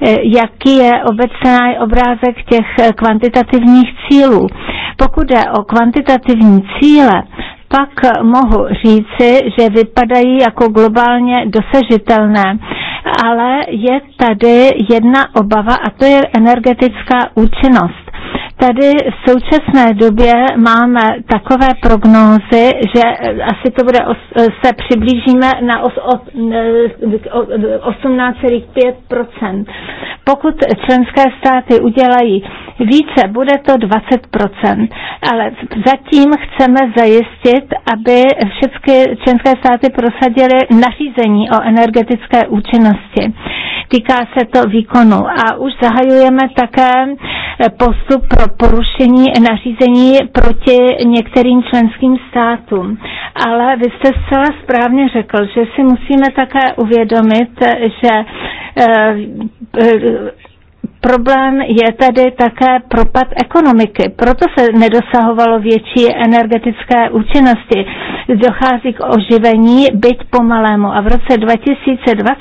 eh, jaký je obecný obrázek těch eh, kvantitativních cílů. Pokud jde o kvantitativní cíle, pak mohu říci, že vypadají jako globálně dosažitelné, ale je tady jedna obava a to je energetická účinnost tady v současné době máme takové prognózy, že eh, asi to bude, eh, se přiblížíme na 18,5%. Eh, Pokud členské státy udělají více, bude to 20%, ale zatím chceme zajistit, aby všechny členské státy prosadily nařízení o energetické účinnosti. Týká se to výkonu a už zahajujeme také postup pro porušení nařízení proti některým členským státům. Ale vy jste zcela správně řekl, že si musíme také uvědomit, že eh, eh, Problém je tady také propad ekonomiky, proto se nedosahovalo větší energetické účinnosti. Dochází k oživení, byť pomalému. A v roce 2020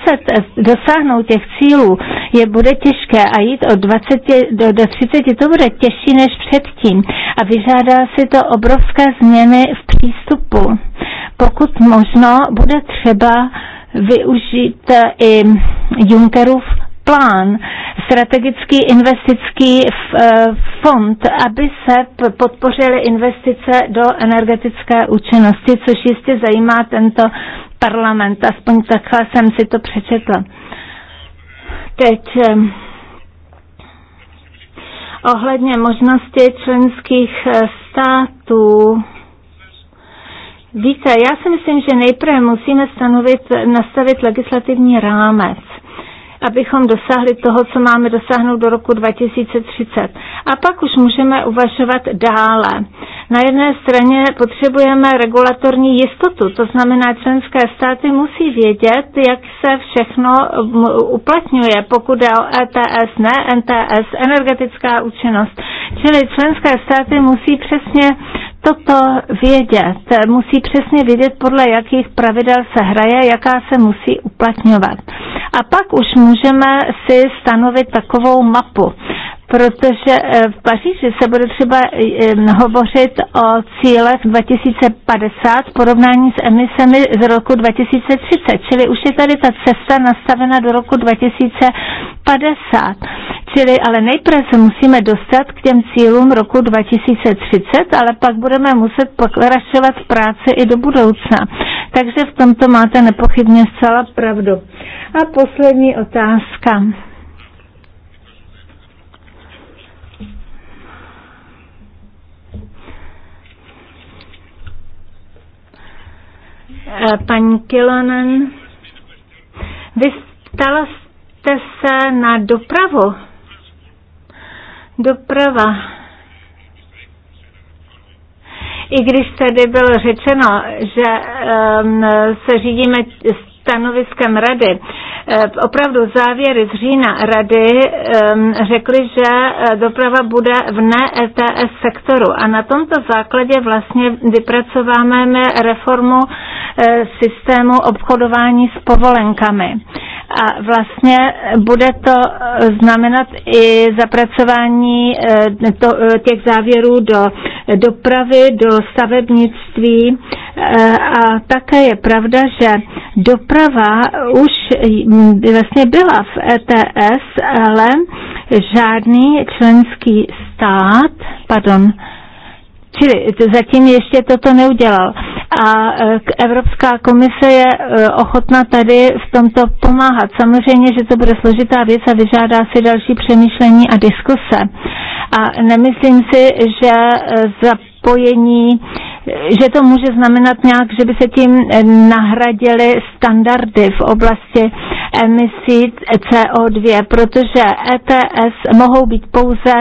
dosáhnout těch cílů je bude těžké a jít od 20 do, do 30 to bude těžší než předtím. A vyžádá si to obrovské změny v přístupu. Pokud možno, bude třeba využít eh, i Junckerův plán, strategický investický eh, fond, aby se podpořily investice do energetické účinnosti, což jistě zajímá tento parlament. Aspoň takhle jsem si to přečetla. Teď eh, ohledně možnosti členských eh, států Víte, já si myslím, že nejprve musíme stanovit, nastavit legislativní rámec abychom dosáhli toho, co máme dosáhnout do roku 2030. A pak už můžeme uvažovat dále. Na jedné straně potřebujeme regulatorní jistotu, to znamená, členské státy musí vědět, jak se všechno uplatňuje, pokud je o ETS, ne NTS, energetická účinnost. Čili členské státy musí přesně toto vědět, musí přesně vědět, podle jakých pravidel se hraje, jaká se musí uplatňovat. A pak už můžeme si stanovit takovou mapu, protože eh, v Paříži se bude třeba eh, hovořit o cílech 2050 v porovnání s emisemi z roku 2030, čili už je tady ta cesta nastavena do roku 2050. Čili ale nejprve se musíme dostat k těm cílům roku 2030, ale pak budeme muset pokračovat v práci i do budoucna. Takže v tomto máte nepochybně zcela pravdu. A poslední otázka Eh, paní Kilonen, vy stala jste se na dopravu. Doprava. I když tady bylo řečeno, že um, se řídíme stanoviskem rady, eh, opravdu závěry z října rady řekly, že eh, doprava bude v ne-ETS sektoru a na tomto základě vlastně vypracováme reformu Eh, systému obchodování s povolenkami. A vlastně bude to znamenat i zapracování eh, eh, těch závěrů do dopravy, do stavebnictví. A také je pravda, že doprava už vlastně byla v ETS, ale žádný členský stát, pardon, Čili zatím ještě toto neudělal a e, Evropská komise je e, ochotna tady v tomto pomáhat. Samozřejmě, že to bude složitá věc a vyžádá si další přemýšlení a diskuse. A nemyslím si, že e, zapojení že to může znamenat nějak, že by se tím nahradily standardy v oblasti emisí CO2, protože ETS mohou být pouze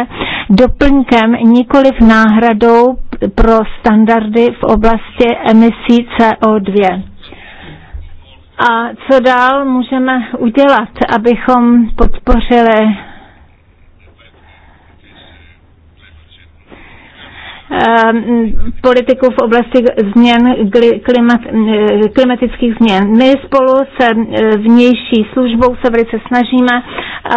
doplňkem, nikoliv náhradou pro standardy v oblasti emisí CO2. A co dál můžeme udělat, abychom podpořili Ehm, politiku v oblasti změn, klimat, e, klimatických změn. My spolu se e, vnější službou se velice snažíme,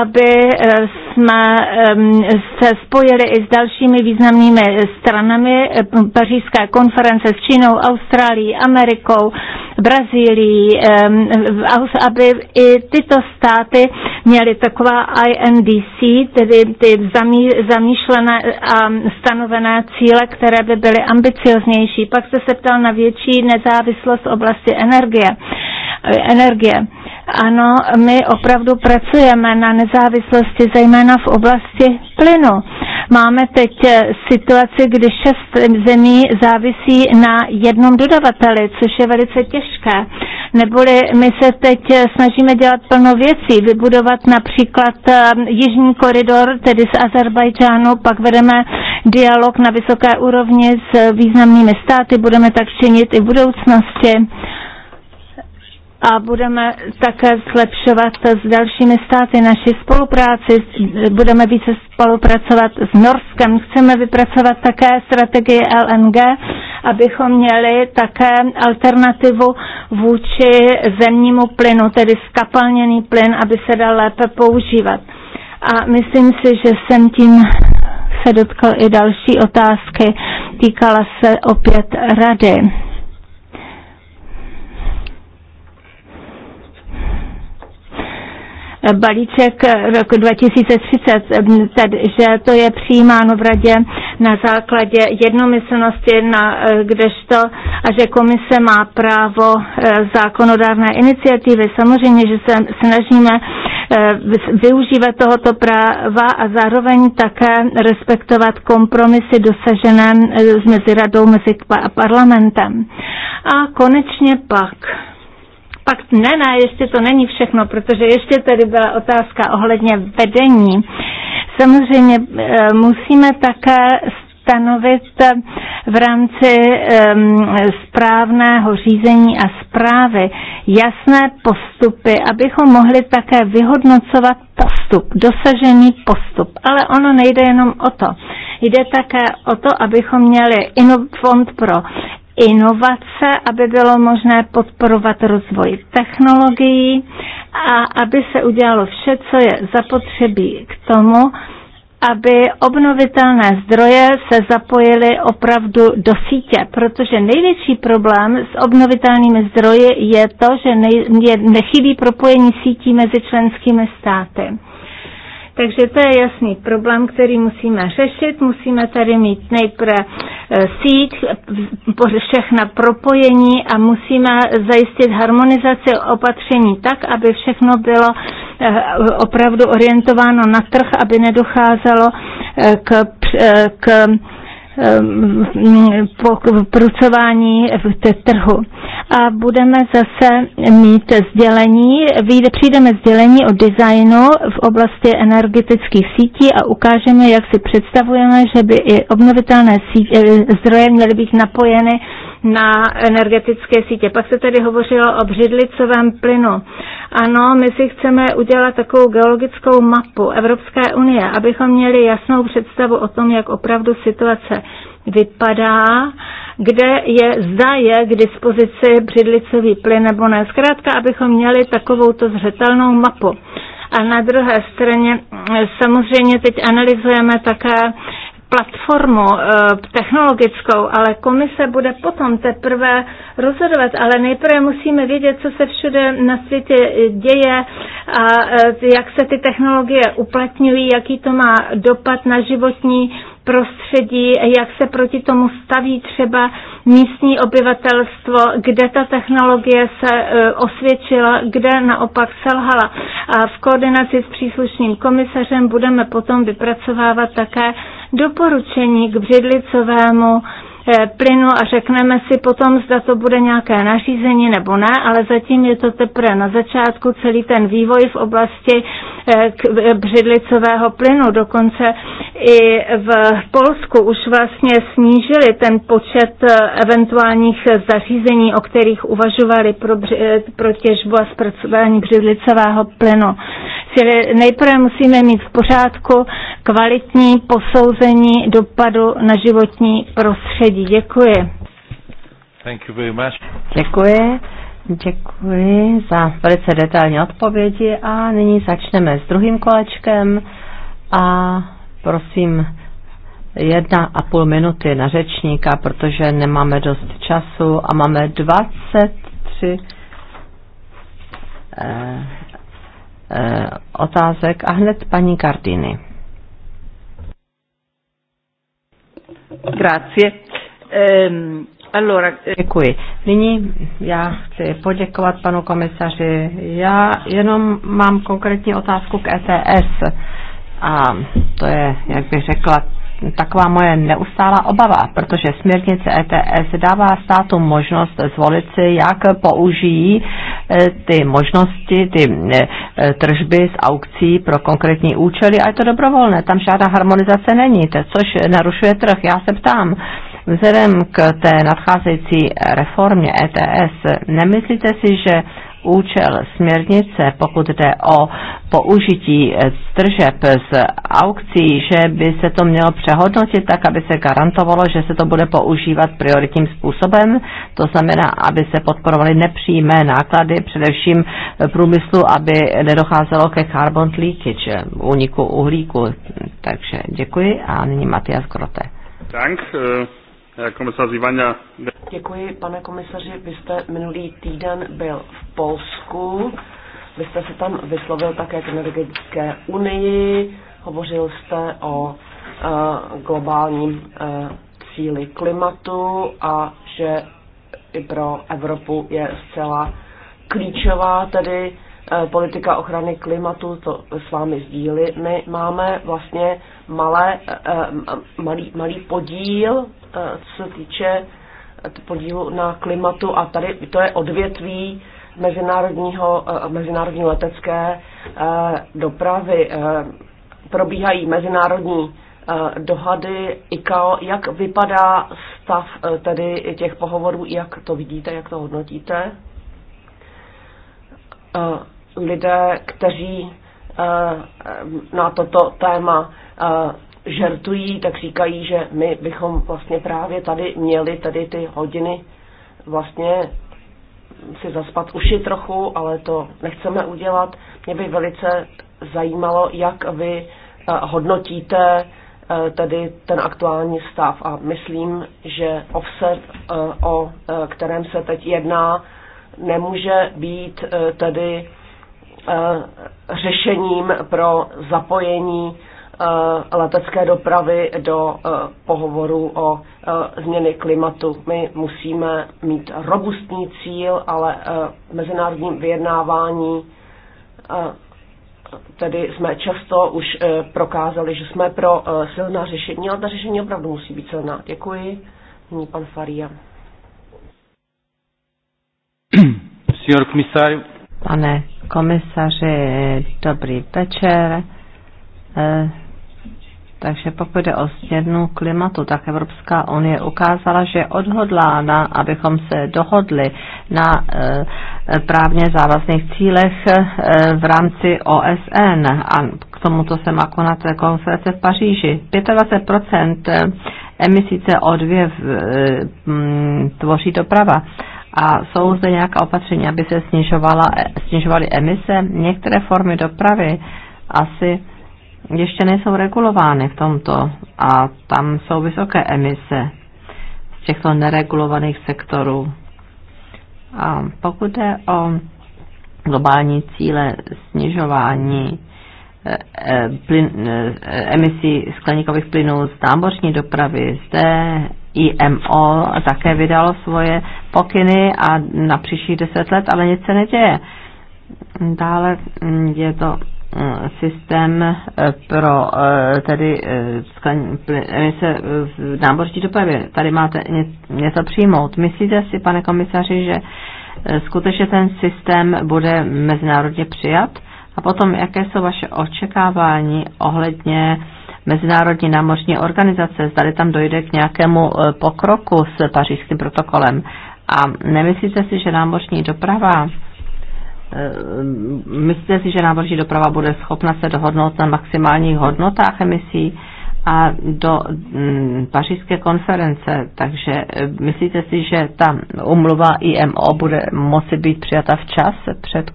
aby e, jsme ehm, se spojili i s dalšími významnými stranami Pařížská konference s Čínou, Austrálií, Amerikou, Brazílií, ehm, aby i tyto státy měly taková INDC, tedy ty zamýšlené a stanovené cíle cíle, které by byly ambicioznější. Pak jste se ptal na větší nezávislost v oblasti energie. energie. Ano, my opravdu pracujeme na nezávislosti, zejména v oblasti plynu. Máme teď eh, situaci, kdy šest zemí závisí na jednom dodavateli, což je velice těžké. Neboli my se teď eh, snažíme dělat plno věcí, vybudovat například eh, jižní koridor, tedy z Azerbajdžánu, pak vedeme dialog na vysoké úrovni s významnými státy. Budeme tak činit i v budoucnosti a budeme také zlepšovat s dalšími státy naši spolupráci, budeme více spolupracovat s Norskem. Chceme vypracovat také strategii LNG, abychom měli také alternativu vůči zemnímu plynu, tedy skapalněný plyn, aby se dal lépe používat a myslím si, že jsem tím se dotkl i další otázky. Týkala se opět rady balíček roku 2030, tedy, že to je přijímáno v radě na základě jednomyslnosti, na, kdežto a že komise má právo eh, zákonodárné iniciativy. Samozřejmě, že se snažíme eh, využívat tohoto práva a zároveň také respektovat kompromisy dosažené eh, mezi radou, mezi parlamentem. A konečně pak pak ne, ne, ještě to není všechno, protože ještě tady byla otázka ohledně vedení. Samozřejmě eh, musíme také stanovit eh, v rámci um, správného řízení a zprávy jasné postupy, abychom mohli také vyhodnocovat postup, dosažený postup. Ale ono nejde jenom o to. Jde také o to, abychom měli fond pro inovace, aby bylo možné podporovat rozvoj technologií a aby se udělalo vše, co je zapotřebí k tomu, aby obnovitelné zdroje se zapojily opravdu do sítě, protože největší problém s obnovitelnými zdroji je to, že nechybí propojení sítí mezi členskými státy. Takže to je jasný problém, který musíme řešit. Musíme tady mít nejprve eh, síť, všechna propojení a musíme zajistit harmonizaci opatření tak, aby všechno bylo eh, opravdu orientováno na trh, aby nedocházelo eh, k, k Um, prucování v trhu. A budeme zase mít sdělení, vyjde, přijdeme sdělení o designu v oblasti energetických sítí a ukážeme, jak si představujeme, že by i obnovitelné sítě, eh, zdroje měly být napojeny na energetické sítě. Pak se tady hovořilo o břidlicovém plynu. Ano, my si chceme udělat takovou geologickou mapu Evropské unie, abychom měli jasnou představu o tom, jak opravdu situace vypadá, kde je, zda je k dispozici břidlicový plyn nebo ne. Zkrátka, abychom měli takovouto zřetelnou mapu. A na druhé straně samozřejmě teď analyzujeme také platformu eh, technologickou, ale komise bude potom teprve rozhodovat, ale nejprve musíme vědět, co se všude na světě eh, děje a eh, jak se ty technologie uplatňují, jaký to má dopad na životní prostředí, jak se proti tomu staví třeba místní obyvatelstvo, kde ta technologie se e, osvědčila, kde naopak selhala. A v koordinaci s příslušným komisařem budeme potom vypracovávat také doporučení k břidlicovému Eh, plynu a řekneme si potom, zda to bude nějaké nařízení nebo ne, ale zatím je to teprve na začátku celý ten vývoj v oblasti eh, eh, břidlicového plynu. Dokonce i v Polsku už vlastně snížili ten počet eventuálních zařízení, o kterých uvažovali pro, pro těžbu a zpracování břidlicového plynu. Čili nejprve musíme mít v pořádku kvalitní posouzení dopadu na životní prostředí. Děkuji. Thank you very much. Děkuji. Děkuji za velice detailní odpovědi a nyní začneme s druhým kolečkem a prosím jedna a půl minuty na řečníka, protože nemáme dost času a máme 23 eh, Eh, otázek a hned paní Kartiny. Grazie. Um, allora, eh, děkuji. Nyní já chci poděkovat panu komisaři. Já jenom mám konkrétní otázku k ETS. A to je, jak bych řekla, taková moje neustálá obava, protože směrnice ETS dává státu možnost zvolit si, jak použijí e, ty možnosti, ty e, tržby z aukcí pro konkrétní účely a je to dobrovolné, tam žádná harmonizace není, což narušuje trh. Já se ptám, vzhledem k té nadcházející reformě ETS, nemyslíte si, že účel směrnice, pokud jde o použití eh, tržeb z aukcí, že by se to mělo přehodnotit tak, aby se garantovalo, že se to bude používat prioritním způsobem, to znamená, aby se podporovaly nepřímé náklady, především průmyslu, aby nedocházelo ke carbon leakage, eh, úniku uhlíku. Takže děkuji a nyní Matias Grote. Dank. Eh, Děkuji, pane komisaři. Vy jste minulý týden byl v Polsku. Vy jste se tam vyslovil také k energetické unii, hovořil jste o uh, globálním uh, cíli klimatu a že i pro Evropu je zcela klíčová tedy eh, politika ochrany klimatu, to s vámi sdíli. My máme vlastně malé, eh, eh malý, malý podíl Eh, co se týče eh, podílu na klimatu a tady to je odvětví mezinárodního, eh, mezinárodní letecké dopravy. Probíhají mezinárodní dohady ICAO. Jak vypadá stav tedy těch pohovorů, jak to vidíte, jak to hodnotíte? Lidé, kteří na toto téma žertují, tak říkají, že my bychom vlastně právě tady měli tady ty hodiny vlastně si zaspat uši trochu, ale to nechceme udělat. Mě by velice zajímalo, jak vy eh, hodnotíte eh, tedy ten aktuální stav a myslím, že offset, eh, o kterém se teď jedná, nemůže být tedy řešením pro zapojení Eh, letecké dopravy do eh, pohovoru o eh, změny klimatu. My musíme mít robustní cíl, ale v mezinárodním vyjednávání tedy jsme často už prokázali, že jsme pro silná řešení, ale ta řešení opravdu musí být silná. Děkuji. Nyní pan Faria. Pane komisaři, dobrý večer. Takže pokud jde o směrnu klimatu, tak Evropská unie ukázala, že je odhodlána, abychom se dohodli na eh, právně závazných cílech eh, v rámci OSN a k tomuto se má konat konference v Paříži. 25 eh, emisí CO2 tvoří doprava. A jsou zde nějaká opatření, aby se snižovala, snižovaly emise? Některé formy dopravy asi ještě nejsou regulovány v tomto a tam jsou vysoké emise z těchto neregulovaných sektorů. A pokud je o globální cíle snižování eh, eh, eh, emisí skleníkových plynů z námořní dopravy, zde IMO také vydalo svoje pokyny a na příštích deset let, ale nic se neděje. Dále mm, je to Eh, systém eh, pro eh, tedy emise v náboří dopravy. Tady máte něco přijmout. Myslíte si, pane komisaři, že skutečně ten systém bude mezinárodně přijat? A potom, jaké jsou vaše očekávání ohledně Mezinárodní námořní organizace? Zdali tam dojde k nějakému pokroku s pařížským protokolem? A nemyslíte si, že námořní doprava Eh, myslíte si, že náboží doprava bude schopna se dohodnout na maximálních hodnotách emisí a do mm, pařížské konference, takže eh, myslíte si, že ta umluva IMO bude moci být přijata včas před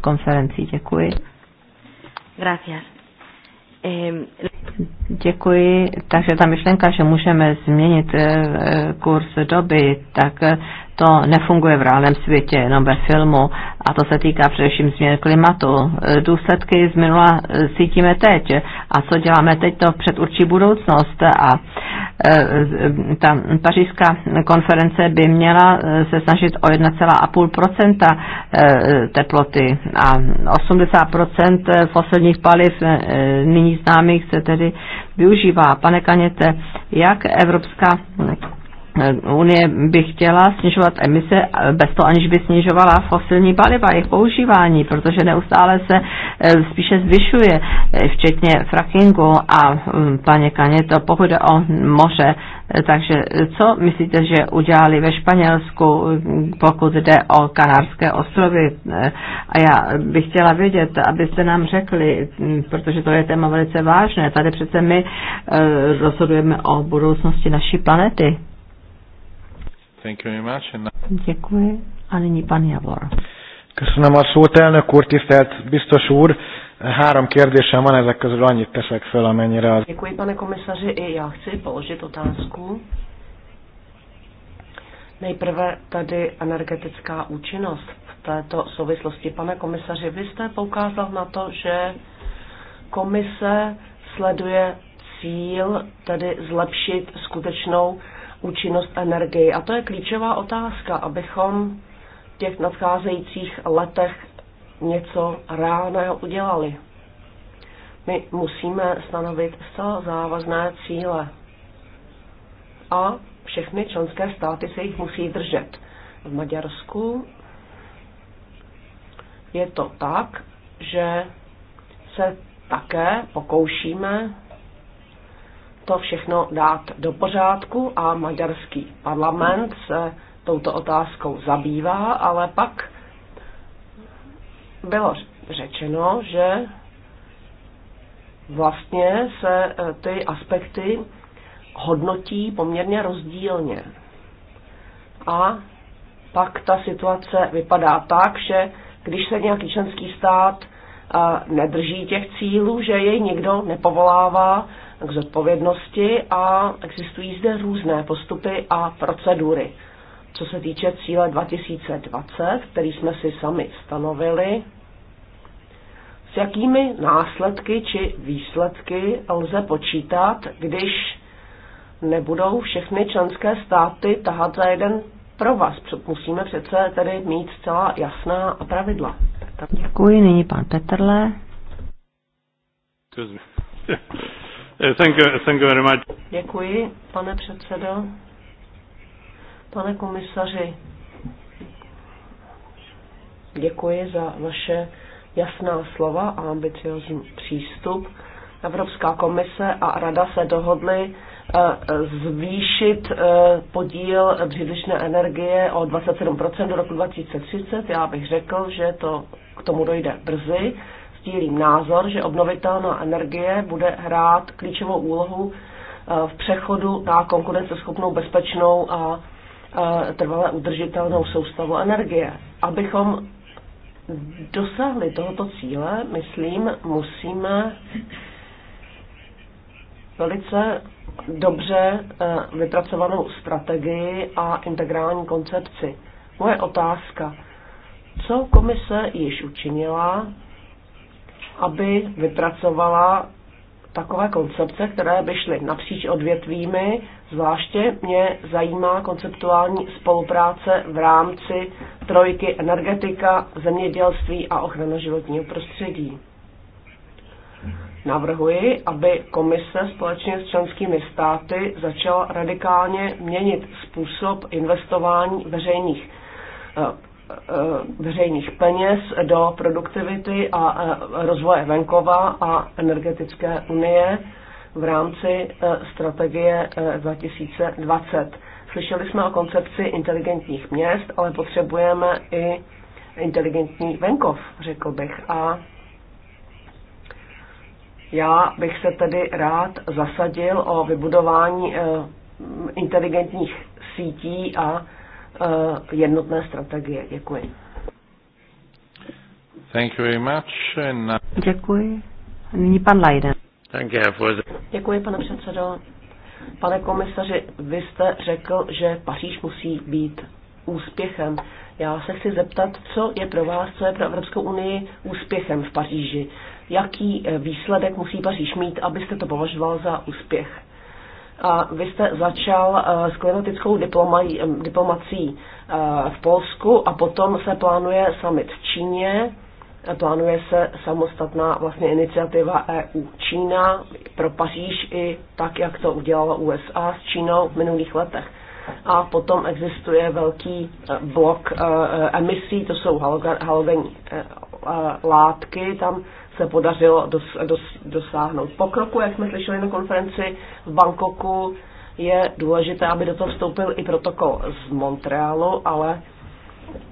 konferencí? Děkuji. Gracias. Eh, Děkuji. Takže ta myšlenka, že můžeme změnit kurz doby, tak to nefunguje v reálném světě, jenom ve filmu a to se týká především změn klimatu. E, důsledky z minula e, cítíme teď a co děláme teď, to předurčí budoucnost a e, ta pařížská konference by měla se snažit o 1,5% teploty a 80% fosilních paliv nyní známých se tedy využívá. Pane Kaněte, jak Evropská Unie by chtěla snižovat emise bez toho, aniž by snižovala fosilní paliva, jejich používání, protože neustále se eh, spíše zvyšuje, eh, včetně frackingu a mm, paně to pokud o moře. Eh, takže co myslíte, že udělali ve Španělsku, pokud jde o Kanárské ostrovy? A já bych chtěla vědět, abyste nám řekli, mm, protože to je téma velice vážné. Tady přece my rozhodujeme o budoucnosti naší planety. Thank you very much. Děkuji. A nyní pan Javor. Köszönöm a szót, elnök úr, tisztelt biztos úr. Három kérdésem van, ezek közül annyit teszek fel, amennyire az... Děkuji, pane komisaři, i já chci položit otázku. Nejprve tady energetická účinnost v této souvislosti. Pane komisaři, vy jste poukázal na to, že komise sleduje cíl, tedy zlepšit skutečnou účinnost energie. A to je klíčová otázka, abychom v těch nadcházejících letech něco reálného udělali. My musíme stanovit zcela závazné cíle a všechny členské státy se jich musí držet. V Maďarsku je to tak, že se také pokoušíme to všechno dát do pořádku a maďarský parlament se touto otázkou zabývá, ale pak bylo řečeno, že vlastně se e, ty aspekty hodnotí poměrně rozdílně. A pak ta situace vypadá tak, že když se nějaký členský stát e, nedrží těch cílů, že jej nikdo nepovolává k zodpovědnosti a existují zde různé postupy a procedury. Co se týče cíle 2020, který jsme si sami stanovili, s jakými následky či výsledky lze počítat, když nebudou všechny členské státy tahat za jeden pro vás. Musíme přece tedy mít zcela jasná pravidla. Děkuji, nyní pan Petrle. Uh, thank you, thank you very much. Děkuji, pane předsedo. Pane komisaři, děkuji za vaše jasná slova a ambiciozní přístup. Evropská komise a rada se dohodly eh, zvýšit eh, podíl břidličné energie o 27% do roku 2030. Já bych řekl, že to k tomu dojde brzy sdílím názor, že obnovitelná energie bude hrát klíčovou úlohu eh, v přechodu na konkurenceschopnou, bezpečnou a eh, trvale udržitelnou soustavu energie. Abychom dosáhli tohoto cíle, myslím, musíme velice dobře eh, vypracovanou strategii a integrální koncepci. Moje otázka, co komise již učinila aby vypracovala takové koncepce, které by šly napříč odvětvími. Zvláště mě zajímá konceptuální spolupráce v rámci trojky energetika, zemědělství a ochrana životního prostředí. Navrhuji, aby komise společně s členskými státy začala radikálně měnit způsob investování veřejných eh, Eh, veřejných peněz do produktivity a eh, rozvoje venkova a energetické unie v rámci eh, strategie 2020. Slyšeli jsme o koncepci inteligentních měst, ale potřebujeme i inteligentní venkov, řekl bych. A já bych se tedy rád zasadil o vybudování inteligentních sítí a Eh, jednotné strategie. Děkuji. Thank you very much. And... Děkuji. Nyní pan Leiden. Thank you for the... Děkuji, pane předsedo. Pane komisaři, vy jste řekl, že Paříž musí být úspěchem. Já se chci zeptat, co je pro vás, co je pro Evropskou unii úspěchem v Paříži. Jaký eh, výsledek musí Paříž mít, abyste to považoval za úspěch? A vy jste začal eh, s klimatickou diplomaj, eh, diplomací eh, v Polsku a potom se plánuje summit v Číně, plánuje se samostatná vlastně iniciativa EU Čína pro Paříž i tak, jak to udělala USA s Čínou v minulých letech. A potom existuje velký blok emisí, to jsou halogenní látky, tam se podařilo dos, dos, dosáhnout pokroku. Jak jsme slyšeli na konferenci v Bangkoku, je důležité, aby do toho vstoupil i protokol z Montrealu, ale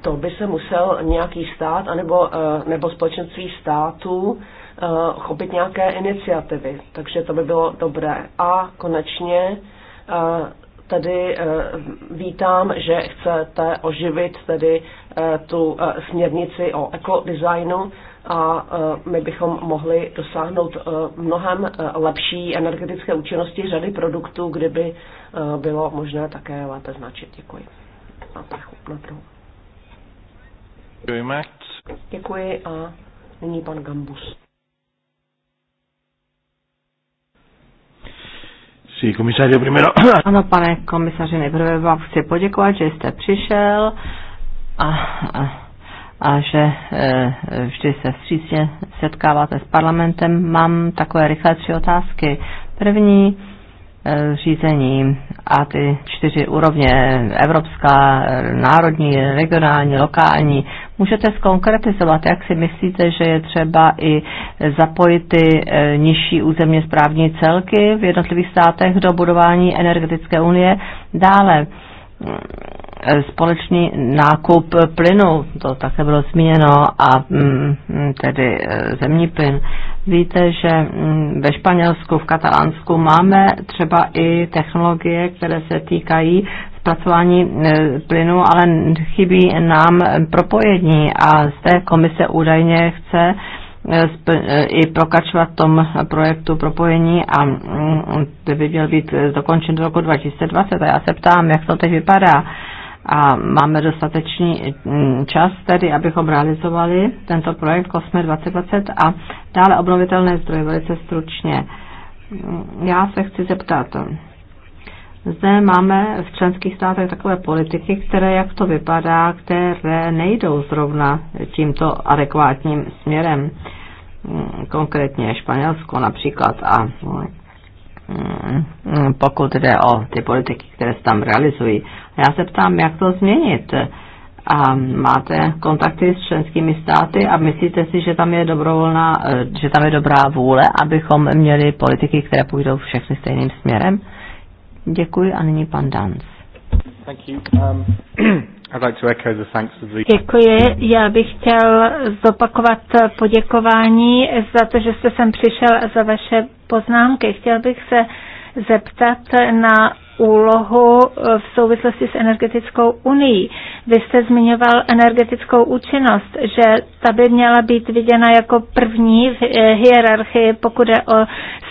to by se musel nějaký stát anebo, eh, nebo společenství států eh, chopit nějaké iniciativy. Takže to by bylo dobré. A konečně eh, tedy vítám, že chcete oživit tedy tu směrnici o ekodesignu, a e, my bychom mohli dosáhnout e, mnohem e, lepší energetické účinnosti řady produktů, kdyby bylo možné také lépe značit. Děkuji. Na trhu. Na trhu. Děkuji, a nyní pan Gambus. Sí, Ano, pane komisaři, nejprve vám chci poděkovat, že jste přišel. A, a a že eh, vždy se vstřícně setkáváte s parlamentem. Mám takové rychlé tři otázky. První, eh, řízení a ty čtyři úrovně, evropská, národní, regionální, lokální. Můžete skonkretizovat, jak si myslíte, že je třeba i zapojit ty eh, nižší územně správní celky v jednotlivých státech do budování energetické unie? Dále, Eh, společný nákup plynu, to také bylo zmíněno, a mm, tedy eh, zemní plyn. Víte, že mm, ve Španělsku, v Katalánsku máme třeba i technologie, které se týkají zpracování eh, plynu, ale chybí nám propojení a té komise údajně chce i prokačovat tom projektu propojení a mm, by měl být dokončen do roku 2020. A já se ptám, jak to teď vypadá a máme dostatečný mm, čas tedy, abychom realizovali tento projekt Kosme 2020 a dále obnovitelné zdroje velice stručně. Mm, já se chci zeptat, zde máme v členských státech takové politiky, které, jak to vypadá, které nejdou zrovna tímto adekvátním směrem, mm, konkrétně Španělsko například a Mm, pokud jde o ty politiky, které se tam realizují. Já se ptám, jak to změnit. A máte kontakty s členskými státy a myslíte si, že tam je dobrovolná, eh, že tam je dobrá vůle, abychom měli politiky, které půjdou všechny stejným směrem? Děkuji a nyní pan Danc. Thank you. Um... Děkuji. Já bych chtěl zopakovat poděkování za to, že jste sem přišel a za vaše poznámky. Chtěl bych se zeptat na úlohu v souvislosti s energetickou unii. Vy jste zmiňoval energetickou účinnost, že ta by měla být viděna jako první v hierarchii, pokud je o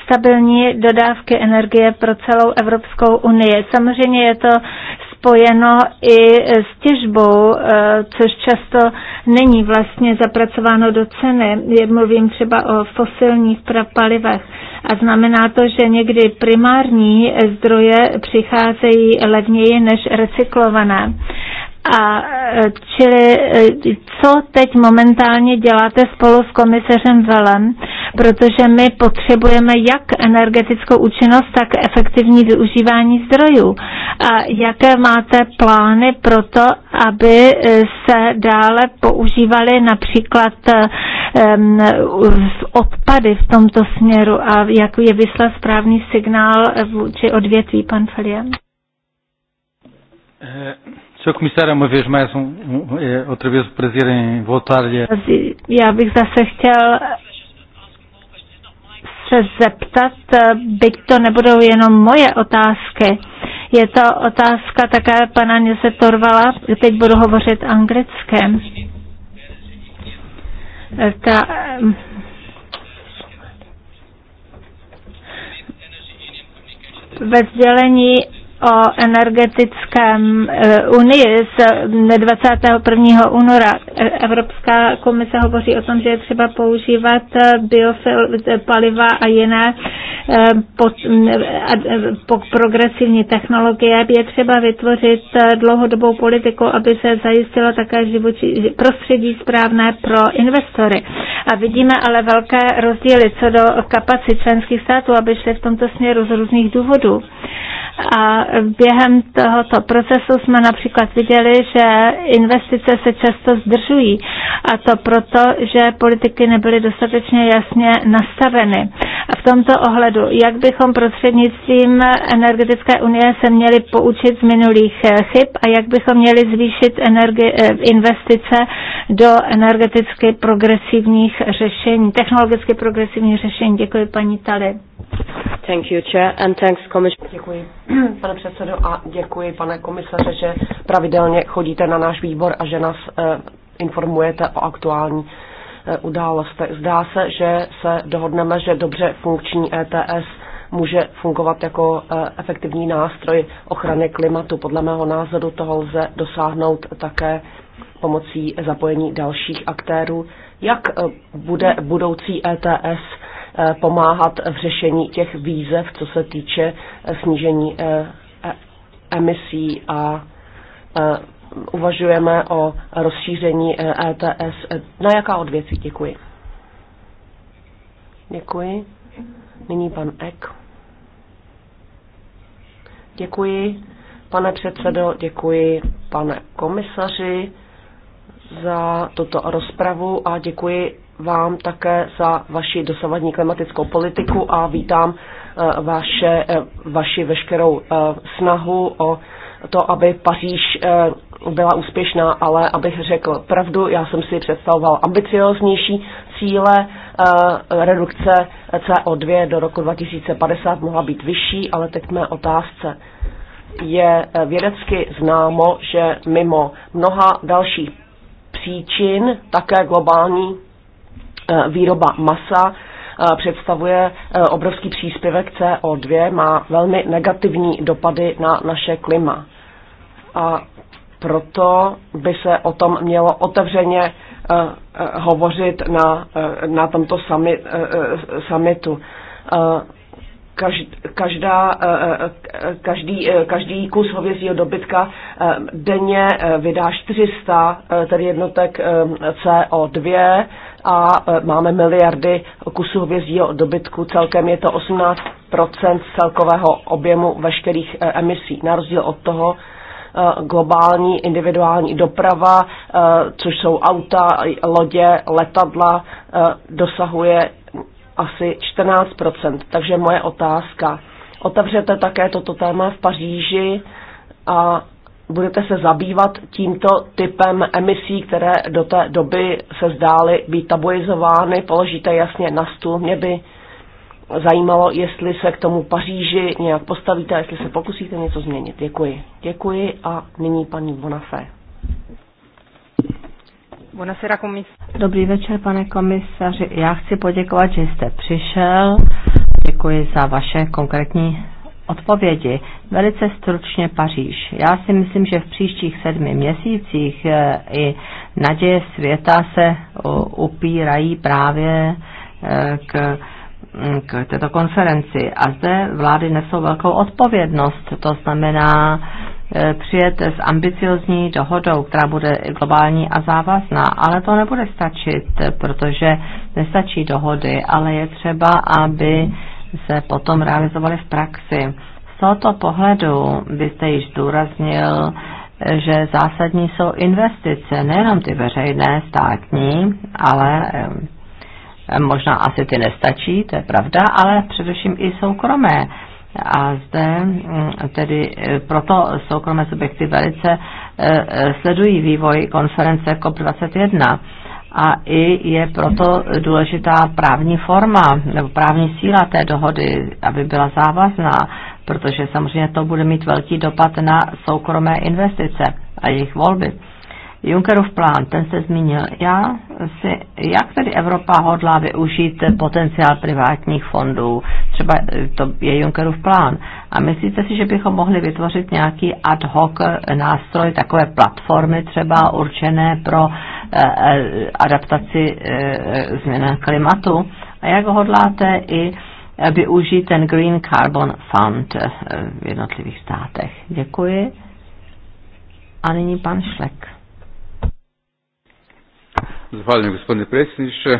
stabilní dodávky energie pro celou Evropskou unii. Samozřejmě je to spojeno i s těžbou, eh, což často není vlastně zapracováno do ceny. Mluvím třeba o fosilních palivech. A znamená to, že někdy primární zdroje přicházejí levněji než recyklované. A e, čili e, co teď momentálně děláte spolu s komisařem Velem, protože my potřebujeme jak energetickou účinnost, tak efektivní využívání zdrojů. A jaké máte plány pro to, aby e, se dále používaly například odpady v tomto směru a jak je vyslal správný signál vůči odvětví, pan Felian? Eh, Sr. Comissário, uma vez mais, um, um, um é outra vez o um prazer em voltar-lhe. Já bych zase chtěl se zeptat, e byť to nebudou jenom moje otázky. Je to otázka také pana Nise Torvala, teď budu hovořit anglicky. E, ta, ve sdělení o energetickém eh, unii z 21. Eh, února. Eh, Evropská komise hovoří o tom, že je třeba používat biopaliva a jiné pod, mm, progresivní technologie. Je třeba vytvořit dlouhodobou politiku, aby se zajistilo také živočí, prostředí správné pro investory. A vidíme ale velké rozdíly co do kapacit členských států, aby šly v tomto směru z různých důvodů. A během tohoto procesu jsme například viděli, že investice se často zdržují a to proto, že politiky nebyly dostatečně jasně nastaveny. A v tomto ohledu, jak bychom prostřednictvím energetické unie se měli poučit z minulých chyb a jak bychom měli zvýšit eh, investice do energeticky progresivních řešení, technologicky progresivních řešení. Děkuji paní Tali. Thank you, Chair, and thanks, Děkuji, pane předsedo, a děkuji, pane komisaře, že pravidelně chodíte na náš výbor a že nás eh, informujete o aktuální eh, událostech. Zdá se, že se dohodneme, že dobře funkční ETS může fungovat jako eh, efektivní nástroj ochrany klimatu. Podle mého názoru toho lze dosáhnout také pomocí zapojení dalších aktérů. Jak bude budoucí ETS Eh, pomáhat v řešení těch výzev, co se týče eh, snížení eh, e, emisí a uvažujeme o rozšíření ETS. E Na jaká odvětví? Děkuji. Děkuji. Nyní pan Ek. Děkuji, pane předsedo, děkuji, pane komisaři, za tuto rozpravu a děkuji vám také za vaši dosavadní klimatickou politiku a vítám eh, vaše, eh, vaši veškerou eh, snahu o to, aby Paříž byla úspěšná, ale abych řekl pravdu, já jsem si představoval ambicioznější cíle. Redukce CO2 do roku 2050 mohla být vyšší, ale teď mé otázce. Je vědecky známo, že mimo mnoha dalších příčin také globální Eh, výroba masa eh, představuje eh, obrovský příspěvek CO2, má velmi negativní dopady na naše klima. A proto by se o tom mělo otevřeně hovořit na, na tomto summit, summitu. Každá, každý, každý kus hovězího dobytka denně vydá 400 tedy jednotek CO2 a e, máme miliardy kusů hovězího dobytku, celkem je to 18 z celkového objemu veškerých e, emisí. Na rozdíl od toho e, globální individuální doprava, což jsou auta, lodě, letadla, dosahuje asi 14 Takže moje otázka. Otevřete také toto téma v Paříži a budete se zabývat tímto typem emisí, které do té doby se zdály být tabuizovány, položíte jasně na stůl. Mě by zajímalo, jestli se k tomu Paříži nějak postavíte, jestli se pokusíte něco změnit. Děkuji. Děkuji a nyní paní Bonafé. Dobrý večer, pane komisaři. Já chci poděkovat, že jste přišel. Děkuji za vaše konkrétní odpovědi. Velice stručně Paříž. Já si myslím, že v příštích sedmi měsících eh, i naděje světa se upírají právě eh, k mm, k této konferenci. A zde vlády nesou velkou odpovědnost, to znamená eh, přijet s ambiciozní dohodou, která bude globální a závazná, ale to nebude stačit, protože nestačí dohody, ale je třeba, aby se potom realizovaly v praxi. Z tohoto pohledu byste již zdůraznil, že zásadní jsou investice, nejenom ty veřejné, státní, ale eh, možná asi ty nestačí, to je pravda, ale především i soukromé. A zde mm, tedy eh, proto soukromé subjekty velice eh, sledují vývoj konference COP21 a i je proto důležitá právní forma nebo právní síla té dohody, aby byla závazná, protože samozřejmě to bude mít velký dopad na soukromé investice a jejich volby. Junckerův plán, ten se zmínil. Já si, jak tedy Evropa hodlá využít potenciál privátních fondů? Třeba to je Junckerův plán. A myslíte si, že bychom mohli vytvořit nějaký ad hoc nástroj, takové platformy třeba určené pro eh, eh, adaptaci eh, změn klimatu? A jak hodláte i využít ten Green Carbon Fund v jednotlivých státech? Děkuji. A nyní pan Šlek. Zahvaljujem gospodine predsjedniče. E,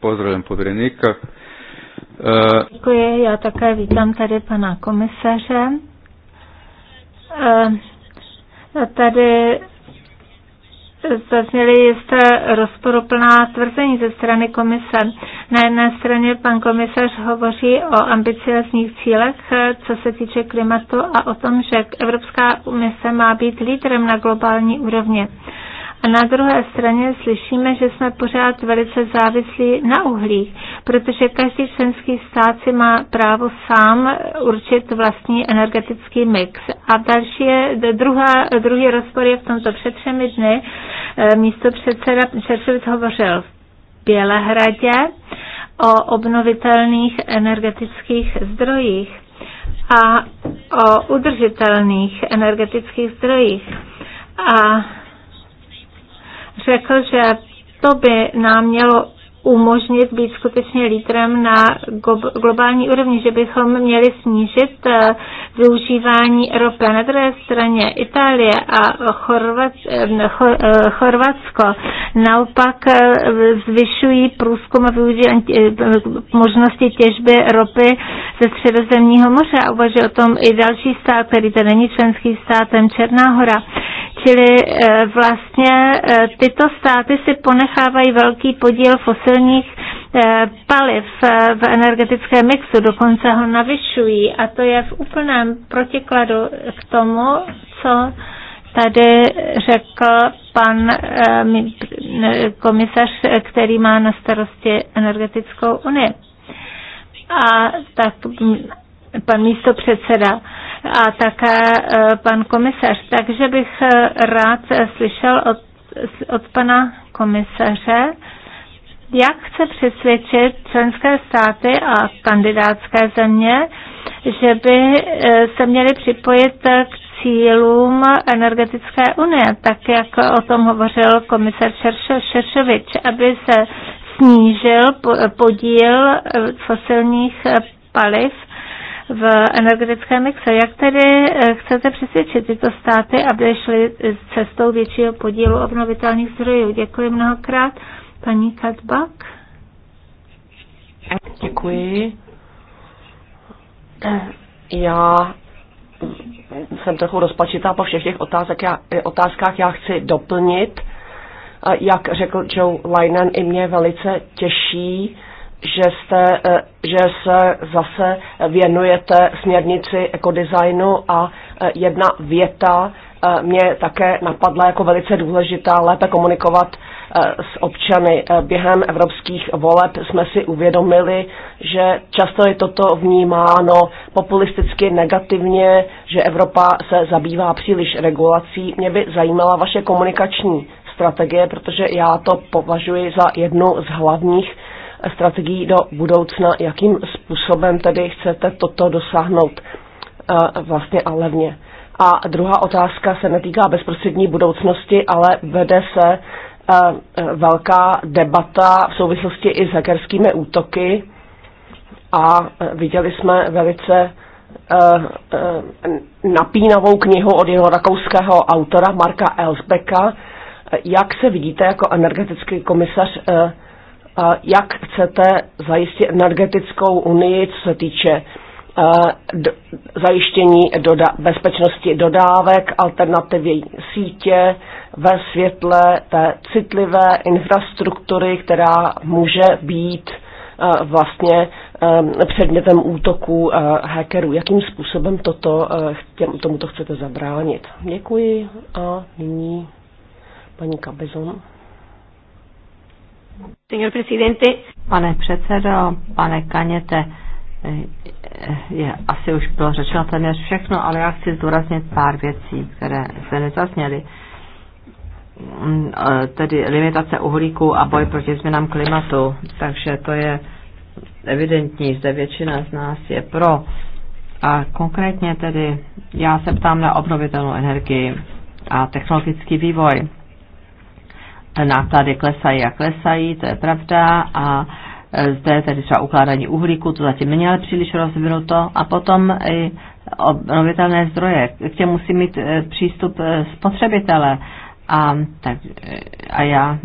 pozdravljam povjerenika. E, Děkuji, já také vítám tady pana komisaře. E, tady zazněly jisté rozporuplná tvrzení ze strany komise. Na jedné straně pan komisař hovoří o ambiciozních cílech, co se týče klimatu a o tom, že Evropská komise má být lídrem na globální úrovni. A na druhé straně slyšíme, že jsme pořád velice závislí na uhlí, protože každý členský stát si má právo sám určit vlastní energetický mix. A další je, druhá, druhý rozpor je v tomto před třemi dny. Eh, Místo předseda Čerčovic hovořil v Bělehradě o obnovitelných energetických zdrojích a o udržitelných energetických zdrojích. A řekl, že to by nám mělo umožnit být skutečně lídrem na globální úrovni, že bychom měli snížit eh, využívání ropy. Na druhé straně Itálie a eh, eh, Chorvatsko naopak zvyšují průzkum a využívání možnosti těžby ropy ze středozemního moře a uvaží o tom i další stát, který to není členský státem Černá hora. Čili vlastně tyto státy si ponechávají velký podíl fosil fosilních eh, paliv eh, v energetické mixu, dokonce ho navyšují a to je v úplném protikladu k tomu, co tady řekl pan eh, komisař, který má na starosti energetickou unii. A tak pan místo předseda a také pan komisař. Takže bych rád slyšel od, od pana komisaře, jak chce přesvědčit členské státy a kandidátské země, že by eh, se měly připojit k cílům energetické unie, tak jak o tom hovořil komisar Šeršovič, aby se snížil podíl eh, fosilních eh, paliv v energetickém mixe. Jak tedy chcete přesvědčit tyto státy, aby šly cestou většího podílu obnovitelných zdrojů? Děkuji mnohokrát. Paní Kadbak? Děkuji. Já jsem trochu rozpačitá po všech těch já, otázkách. Já chci doplnit, jak řekl Joe Linen, i mě velice těší, že, jste, že se zase věnujete směrnici ekodesignu a jedna věta mě také napadla jako velice důležitá, lépe komunikovat Eh, s občany. Eh, během evropských voleb jsme si uvědomili, že často je toto vnímáno populisticky negativně, že Evropa se zabývá příliš regulací. Mě by zajímala vaše komunikační strategie, protože já to považuji za jednu z hlavních strategií do budoucna, jakým způsobem tedy chcete toto dosáhnout eh, vlastně a levně. A druhá otázka se netýká bezprostřední budoucnosti, ale vede se E, velká debata v souvislosti i s hackerskými útoky a e, viděli jsme velice e, napínavou knihu od jeho rakouského autora Marka Elsbecka, jak se vidíte jako energetický komisař, jak chcete zajistit energetickou unii, co se týče Eh, do, zajištění doda, bezpečnosti dodávek, alternativy sítě ve světle té citlivé infrastruktury, která může být eh, vlastně eh, předmětem útoků hackerů. Jakým způsobem toto, tomuto chcete zabránit? Děkuji a nyní paní Kabezon. Pane předsedo, pane Kaněte, Eh, je, asi už bylo řečeno téměř všechno, ale já chci zdůraznit pár věcí, které se nezasněly. Mm, eh, tedy limitace uhlíku a boj proti změnám klimatu. Takže to je evidentní, zde většina z nás je pro. A konkrétně tedy já se ptám na obnovitelnou energii a technologický vývoj. Náklady klesají a klesají, to je pravda, a Eh, zde tedy třeba ukládání uhlíku, to zatím není ale příliš rozvinuto, a potom i obnovitelné zdroje, k těm musí mít eh, přístup eh, spotřebitele. A, tak, a já,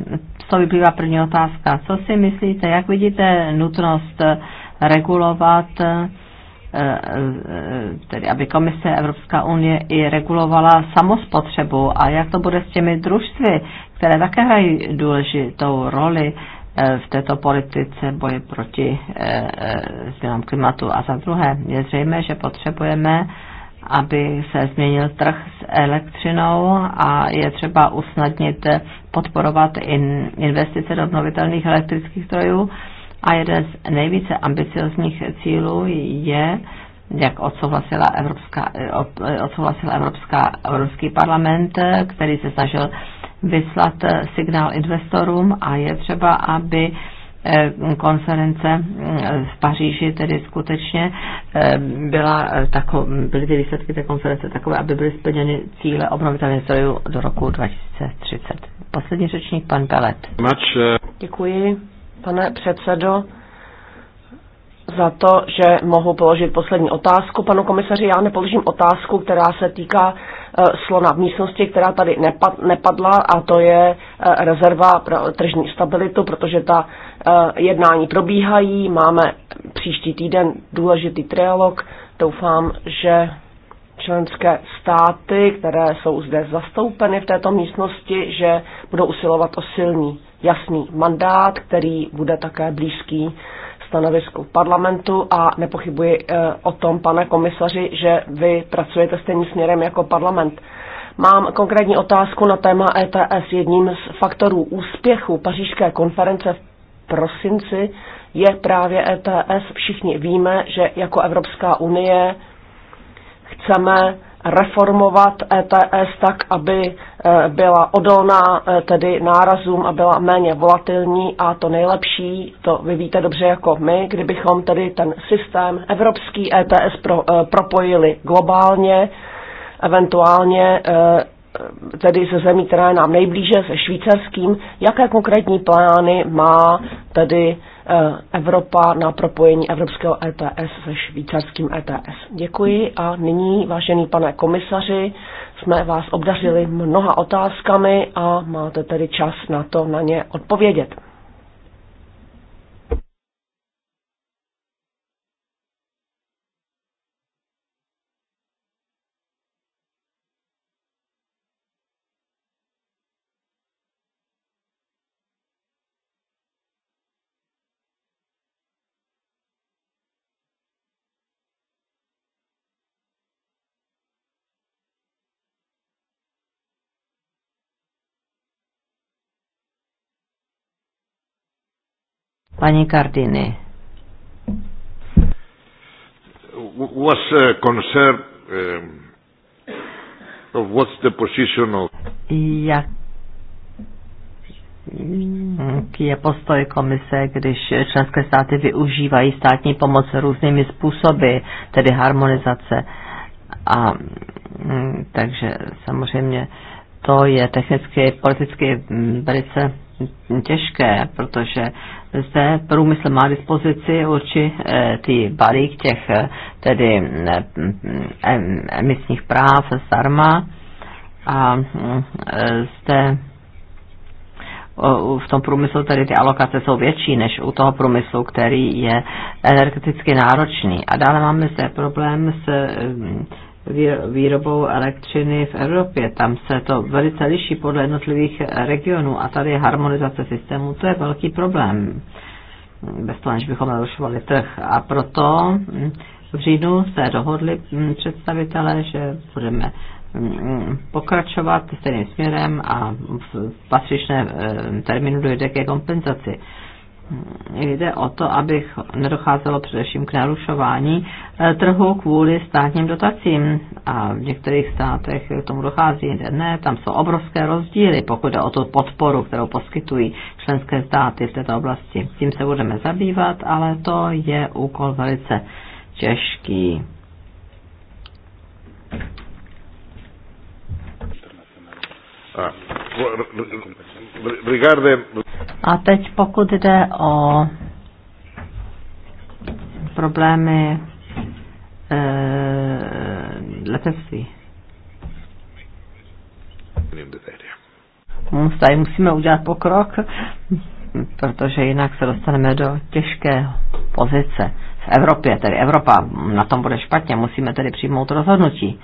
z toho vyplývá první otázka. Co si myslíte, jak vidíte nutnost regulovat tedy aby komise Evropská unie i regulovala samospotřebu a jak to bude s těmi družstvy, které také hrají důležitou roli Eh, v této politice boje proti eh, eh, změnám klimatu. A za druhé, je zřejmé, že potřebujeme aby se změnil trh s elektřinou a je třeba usnadnit podporovat in, investice do obnovitelných elektrických zdrojů. A jeden z nejvíce ambiciozních cílů je, jak odsouhlasila Evropská, odsouhlasila Evropská, Evropský parlament, který se snažil vyslat eh, signál investorům a je třeba, aby eh, konference mm, v Paříži tedy skutečně eh, byla tako, byly ty výsledky té konference takové, aby byly splněny cíle obnovitelné zdrojů do roku 2030. Poslední řečník, pan Pelet. Děkuji, pane předsedo za to, že mohu položit poslední otázku. Panu komisaři, já nepoložím otázku, která se týká e, slona v místnosti, která tady nepadla a to je e, rezerva pro tržní stabilitu, protože ta e, jednání probíhají, máme příští týden důležitý trialog, doufám, že členské státy, které jsou zde zastoupeny v této místnosti, že budou usilovat o silný, jasný mandát, který bude také blízký stanovisku parlamentu a nepochybuji eh, o tom, pane komisaři, že vy pracujete stejným směrem jako parlament. Mám konkrétní otázku na téma ETS. Jedním z faktorů úspěchu pařížské konference v prosinci je právě ETS. Všichni víme, že jako Evropská unie chceme reformovat ETS tak, aby e, byla odolná e, tedy nárazům a byla méně volatilní a to nejlepší, to vy víte dobře jako my, kdybychom tedy ten systém evropský ETS pro, e, propojili globálně, eventuálně Eh, tedy ze zemí, která je nám nejblíže, se švýcarským, jaké konkrétní plány má tedy eh, Evropa na propojení evropského ETS se švýcarským ETS. Děkuji a nyní, vážený pane komisaři, jsme vás obdařili mnoha otázkami a máte tedy čas na to na ně odpovědět. Paní Kardiny. Was uh, concerned um, of what's the position of... Jak je postoj komise, když členské státy využívají státní pomoc různými způsoby, tedy harmonizace. A mm, takže samozřejmě to je technicky, politicky velice těžké, protože zde průmysl má dispozici eh, ty balík těch eh, tedy eh, emisních práv zdarma a mm, zde v tom průmyslu tedy ty alokace jsou větší než u toho průmyslu, který je energeticky náročný. A dále máme zde problém s výrobou elektřiny v Evropě. Tam se to velice liší podle jednotlivých regionů a tady harmonizace systému, to je velký problém. Bez toho, než bychom narušovali trh. A proto hm, v říjnu se dohodli hm, představitelé, že budeme hm, pokračovat stejným směrem a v patřičné eh, termínu dojde ke kompenzaci jde o to, aby nedocházelo především k narušování eh, trhu kvůli státním dotacím. A v některých státech k tomu dochází, jinde ne. Tam jsou obrovské rozdíly, pokud jde o tu podporu, kterou poskytují členské státy v této oblasti. Tím se budeme zabývat, ale to je úkol velice těžký. A, ah. A teď pokud jde o problémy e, letectví. No, tady musíme udělat pokrok, protože jinak se dostaneme do těžké pozice. V Evropě, tedy Evropa na tom bude špatně, musíme tedy přijmout rozhodnutí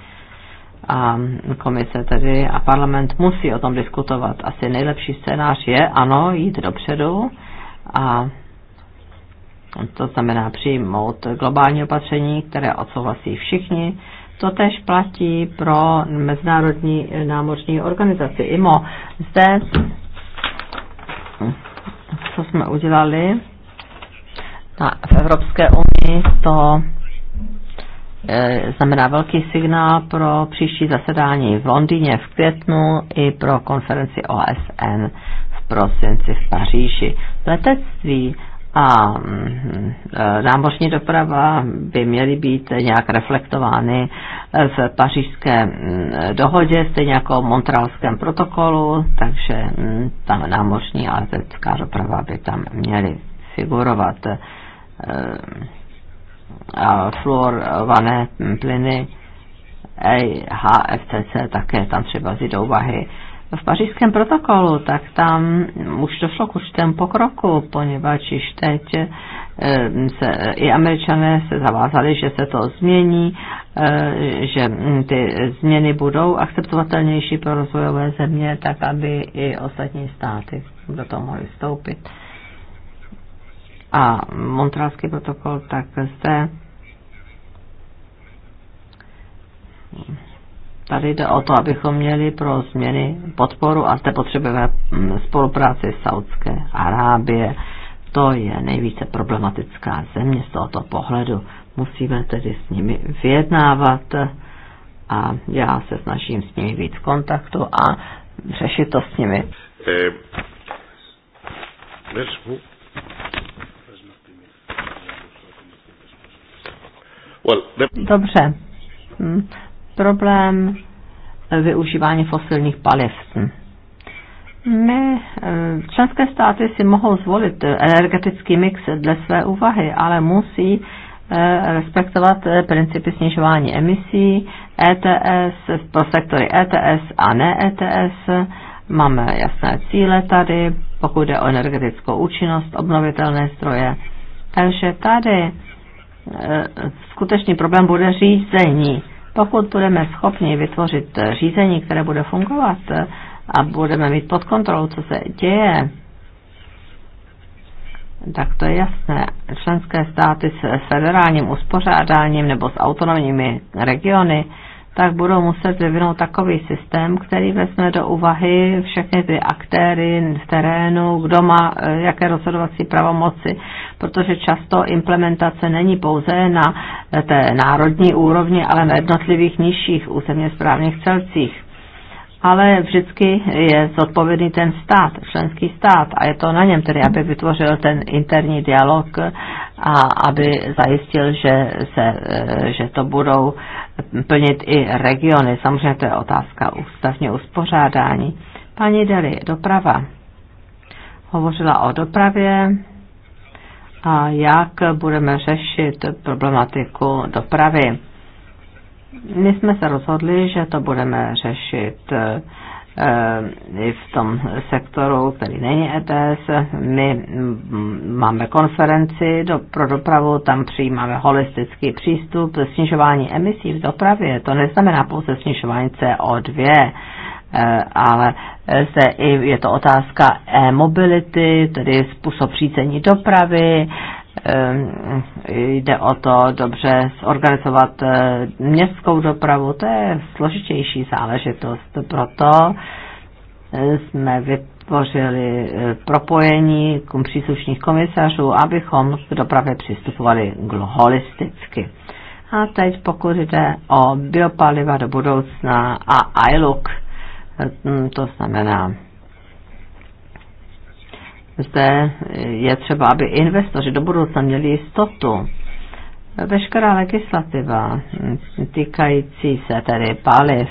a komise tedy a parlament musí o tom diskutovat. Asi nejlepší scénář je, ano, jít dopředu a to znamená přijmout globální opatření, které odsouhlasí všichni. To tež platí pro Mezinárodní námořní organizaci IMO. Zde, co jsme udělali na, v Evropské unii, to Eh, znamená velký signál pro příští zasedání v Londýně v květnu i pro konferenci OSN v prosinci v Paříži. Letectví a mm, eh, námořní doprava by měly být nějak reflektovány eh, v pařížské mm, dohodě, stejně jako v Montrealském protokolu, takže mm, ta námořní a letecká doprava by tam měly figurovat fluorované plyny, HFCC také tam třeba vzít do úvahy. V pařížském protokolu, tak tam už došlo k určitému pokroku, poněvadž již teď eh, se, i američané se zavázali, že se to změní, eh, že ty změny budou akceptovatelnější pro rozvojové země, tak aby i ostatní státy do toho mohly vstoupit a Montrealský protokol, tak zde tady jde o to, abychom měli pro změny podporu a zde potřebujeme mm, spolupráci Saudské Arábie. To je nejvíce problematická země z tohoto pohledu. Musíme tedy s nimi vyjednávat a já se snažím s nimi víc kontaktu a řešit to s nimi. Eh, Dobře. Hm. Problém eh, využívání fosilních paliv. Hm. My, eh, členské státy si mohou zvolit eh, energetický mix dle své úvahy, ale musí respektovat principy snižování emisí, ETS, pro sektory ETS a ne ETS. Máme jasné cíle tady, pokud jde o energetickou účinnost, obnovitelné zdroje. Takže tady Eh, skutečný problém bude řízení. Pokud budeme schopni vytvořit eh, řízení, které bude fungovat eh, a budeme mít pod kontrolou, co se děje, tak to je jasné. Členské státy s federálním uspořádáním nebo s autonomními regiony tak budou muset vyvinout takový systém, který vezme do úvahy všechny ty aktéry v terénu, kdo má e, jaké rozhodovací pravomoci, protože často implementace není pouze na té národní úrovni, ale na jednotlivých nižších územně správních celcích ale vždycky je zodpovědný ten stát, členský stát a je to na něm tedy, aby vytvořil ten interní dialog a aby zajistil, že, se, e, že to budou plnit i regiony. Samozřejmě to je otázka ústavně uspořádání. Paní Deli, doprava. Hovořila o dopravě a jak budeme řešit problematiku dopravy. My jsme se rozhodli, že to budeme řešit eh, eh, i v tom sektoru, který není ETS. My mm, máme konferenci do, pro dopravu, tam přijímáme holistický přístup. Snižování emisí v dopravě, to neznamená pouze snižování CO2, eh, ale se i je to otázka e-mobility, tedy způsob řízení dopravy, Ehm, jde o to dobře zorganizovat eh, městskou dopravu, to je složitější záležitost. Proto eh, jsme vytvořili eh, propojení k příslušných komisařů, abychom k dopravě přistupovali holisticky. A teď pokud jde o biopaliva do budoucna a iLook, to znamená zde je třeba, aby investoři do budoucna měli jistotu. Veškerá legislativa týkající se tedy paliv,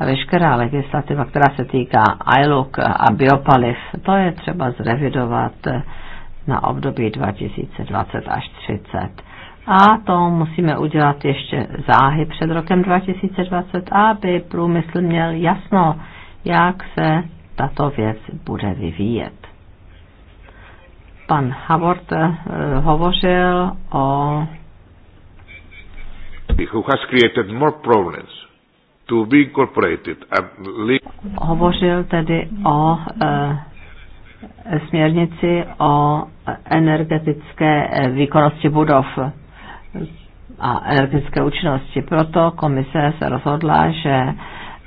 veškerá legislativa, která se týká ILOC a biopaliv, to je třeba zrevidovat na období 2020 až 30. A to musíme udělat ještě záhy před rokem 2020, aby průmysl měl jasno, jak se tato věc bude vyvíjet pan Havort eh, hovořil o who has created more problems to be incorporated and hovořil tedy o e, směrnici o energetické eh, výkonnosti budov a energetické účinnosti. Proto komise se rozhodla, že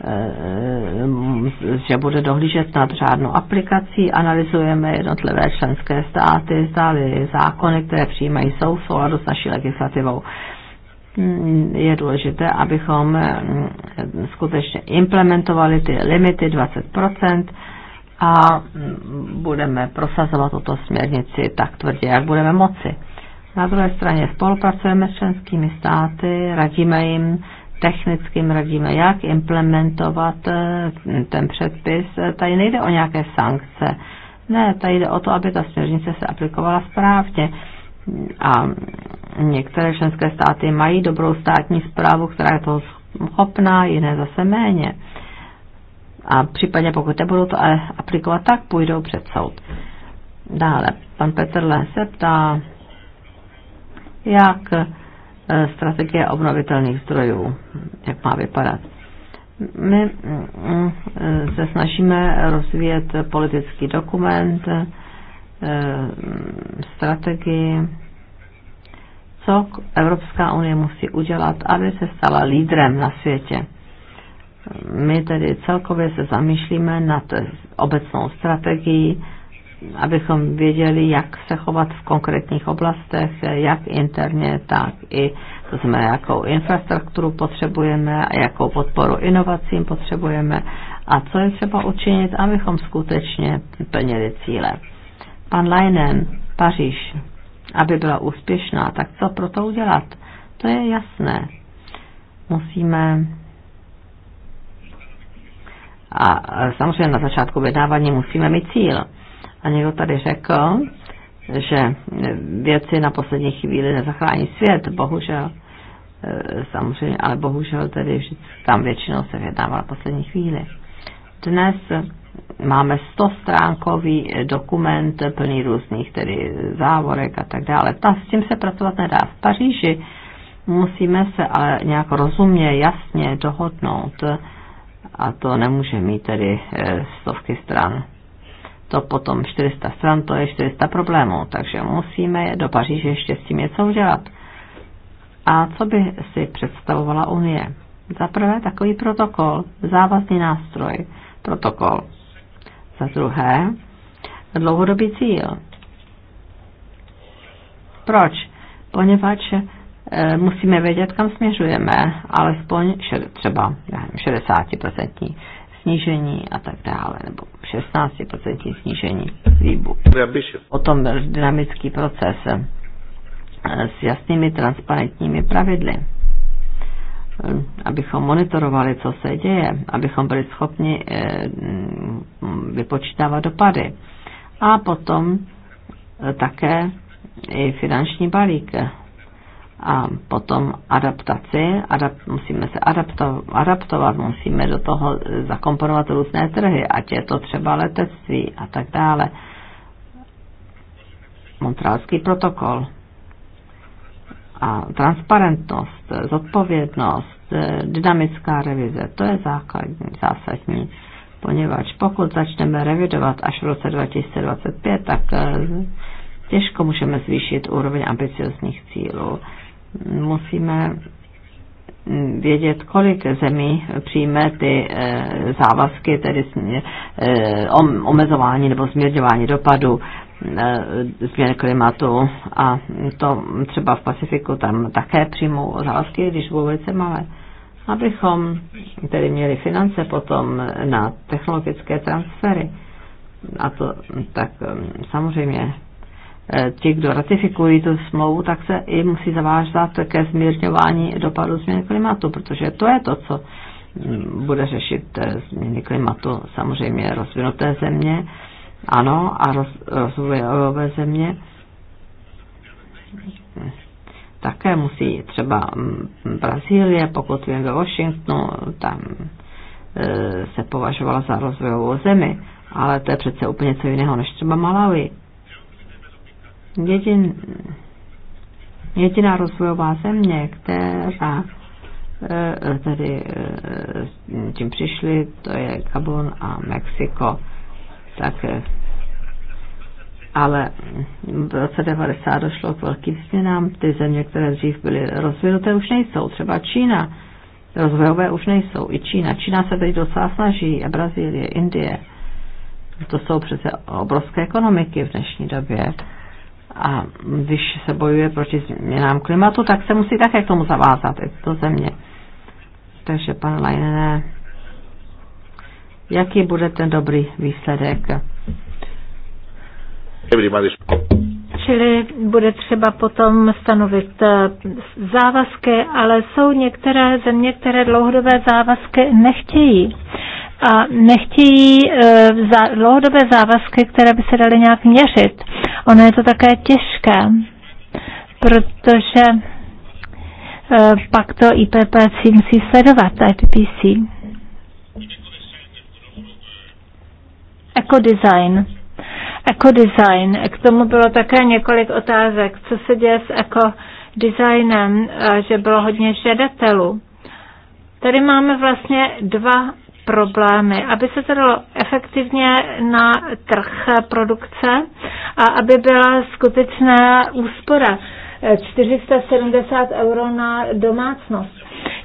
Eh, že bude dohlížet nad řádnou aplikací, analyzujeme jednotlivé členské státy, zdali zákony, které přijímají, jsou v souladu s naší legislativou. Mm, je důležité, abychom mm, skutečně implementovali ty limity 20% a mm, budeme prosazovat tuto směrnici tak tvrdě, jak budeme moci. Na druhé straně spolupracujeme s členskými státy, radíme jim, technicky mradíme, jak implementovat eh, ten předpis. Tady nejde o nějaké sankce. Ne, tady jde o to, aby ta směrnice se aplikovala správně. A některé členské státy mají dobrou státní zprávu, která je toho schopná, jiné zase méně. A případně pokud nebudou to eh, aplikovat, tak půjdou před soud. Dále, pan Petr se ptá, jak Eh, strategie obnovitelných zdrojů, jak má vypadat. My mm, eh, se snažíme rozvíjet politický dokument, eh, strategii, co Evropská unie musí udělat, aby se stala lídrem na světě. My tedy celkově se zamýšlíme nad obecnou strategií, abychom věděli, jak se chovat v konkrétních oblastech, jak interně, tak i to znamená, jakou infrastrukturu potřebujeme a jakou podporu inovacím potřebujeme a co je třeba učinit, abychom skutečně plnili cíle. Pan Leinen, Paříž, aby byla úspěšná, tak co pro to udělat? To je jasné. Musíme a samozřejmě na začátku vydávání musíme mít cíl. A někdo tady řekl, že věci na poslední chvíli nezachrání svět, bohužel e, samozřejmě, ale bohužel tedy vždycky tam většinou se vědává na poslední chvíli. Dnes máme 100 stránkový dokument plný různých tedy závorek a tak dále. Ta, s tím se pracovat nedá. V Paříži musíme se ale nějak rozumně, jasně dohodnout a to nemůže mít tedy e, stovky stran to potom 400 stran, to je 400 problémů, takže musíme do Paříže ještě s tím něco udělat. A co by si představovala Unie? Za prvé takový protokol, závazný nástroj, protokol. Za druhé dlouhodobý cíl. Proč? Poněvadž eh, musíme vědět, kam směřujeme, alespoň třeba 60% snížení a tak dále, nebo 16% snížení výbu. tom, byl dynamický proces eh, s jasnými transparentními pravidly, eh, abychom monitorovali, co se děje, abychom byli schopni eh, mm, vypočítávat dopady. A potom také i finanční balík a potom adaptaci, adap, musíme se adapto, adaptovat, musíme do toho zakomponovat různé trhy, ať je to třeba letectví a tak dále. Montrealský protokol a transparentnost, zodpovědnost, eh, dynamická revize, to je základní, zásadní, poněvadž pokud začneme revidovat až v roce 2025, tak eh, těžko můžeme zvýšit úroveň ambiciozních cílů musíme vědět, kolik zemí přijme ty eh, závazky, tedy eh, omezování nebo zmírňování dopadu eh, změn klimatu a to třeba v Pacifiku tam také přijmou závazky, když budou velice malé. Abychom tedy měli finance potom na technologické transfery. A to tak samozřejmě Eh, ti, kdo ratifikují tu smlouvu, tak se i musí zavážet ke zmírňování dopadu změny klimatu, protože to je to, co mm, bude řešit eh, změny klimatu. Samozřejmě rozvinuté země, ano, a roz, rozvojové země také musí třeba mm, Brazílie, pokud vím ve Washingtonu, tam eh, se považovala za rozvojovou zemi, ale to je přece úplně co jiného než třeba Malawi jedin, jediná rozvojová země, která eh, tady s eh, tím přišli, to je Gabon a Mexiko. Tak, eh, ale v roce 90 došlo k velkým změnám. Ty země, které dřív byly rozvinuté, už nejsou. Třeba Čína. Rozvojové už nejsou. I Čína. Čína se teď docela snaží. A Brazílie, Indie. To jsou přece obrovské ekonomiky v dnešní době a když se bojuje proti změnám klimatu, tak se musí také k tomu zavázat i to země. Takže, pane Lajnené, jaký bude ten dobrý výsledek? Čili bude třeba potom stanovit eh, závazky, ale jsou některé země, které dlouhodobé závazky nechtějí a nechtějí e, dlouhodobé závazky, které by se daly nějak měřit. Ono je to také těžké, protože e, pak to IPPC musí sledovat, IPPC. Ekodesign. Ekodesign. K tomu bylo také několik otázek. Co se děje s ekodesignem, e, že bylo hodně žadatelů. Tady máme vlastně dva problémy, aby se to dalo efektivně na trh produkce a aby byla skutečná úspora 470 euro na domácnost.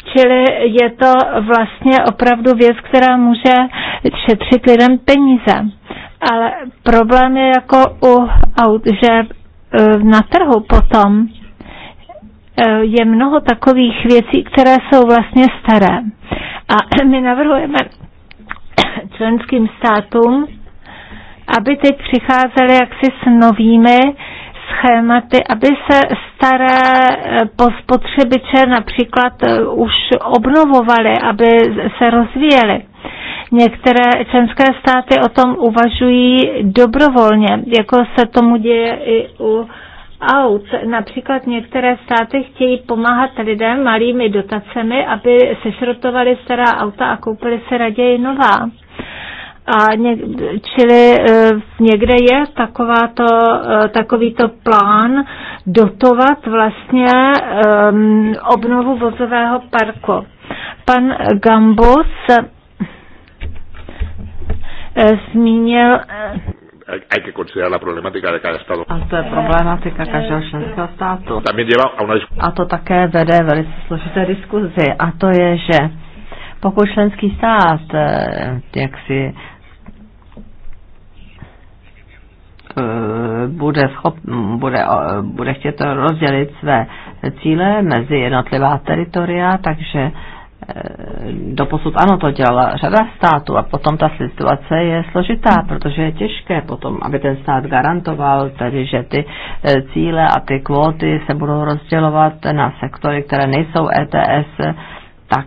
Čili je to vlastně opravdu věc, která může šetřit lidem peníze. Ale problém je jako u aut, že e, na trhu potom e, je mnoho takových věcí, které jsou vlastně staré. A my navrhujeme členským státům, aby teď přicházeli jaksi s novými schématy, aby se staré eh, spotřebiče například eh, už obnovovaly, aby se rozvíjely. Některé členské státy o tom uvažují dobrovolně, jako se tomu děje i u aut. Například některé státy chtějí pomáhat lidem malými dotacemi, aby se šrotovali stará auta a koupili se raději nová. A něk, čili e, někde je takováto, e, takovýto plán dotovat vlastně um, obnovu vozového parku. Pan Gambus e, zmínil hay que considerar la problemática de cada estado. A to je problematika každého členského státu. También lleva a, una a to také vede velice složité diskuzi a to je, že pokud členský stát eh, jak si eh, bude, schop, bude, eh, bude chtět rozdělit své cíle mezi jednotlivá teritoria, takže doposud ano, to dělala řada států a potom ta situace je složitá, protože je těžké potom, aby ten stát garantoval, tedy že ty cíle a ty kvóty se budou rozdělovat na sektory, které nejsou ETS, tak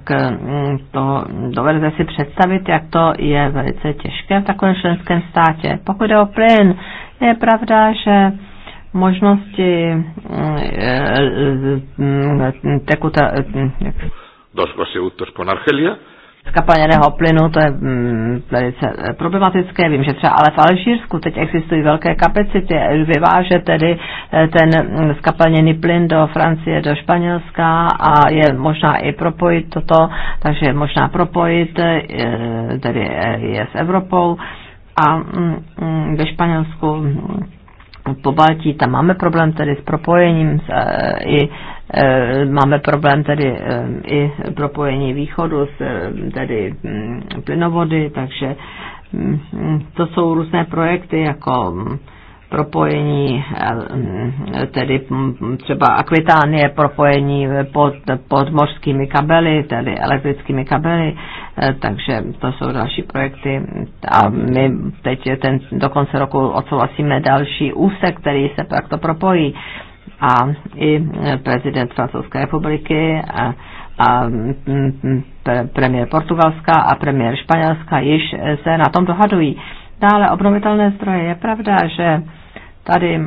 to dovedete si představit, jak to je velice těžké v takovém členském státě. Pokud jde o plyn, je pravda, že možnosti tekuta, vlastně gasoductos con Argelia. Skapalněného plynu, to je mm, velice eh, problematické. Vím, že třeba ale v Alžírsku teď existují velké kapacity, vyváže tedy eh, ten skapalněný mm, plyn do Francie, do Španělska a je možná i propojit toto, takže je možná propojit eh, tedy je s Evropou a mm, mm, ve Španělsku po Baltí, tam máme problém tedy s propojením s, e, i e, máme problém tedy e, i propojení východu s tedy plynovody, takže to jsou různé projekty jako propojení, eh, tedy třeba Akvitánie, propojení pod, pod mořskými kabely, tedy elektrickými kabely, eh, takže to jsou další projekty. A my teď ten, do konce roku odsouhlasíme další úsek, který se takto propojí. A i prezident Francouzské republiky a, a pre, premiér Portugalska a premiér Španělska již se na tom dohadují. Dále obnovitelné zdroje. Je pravda, že Tady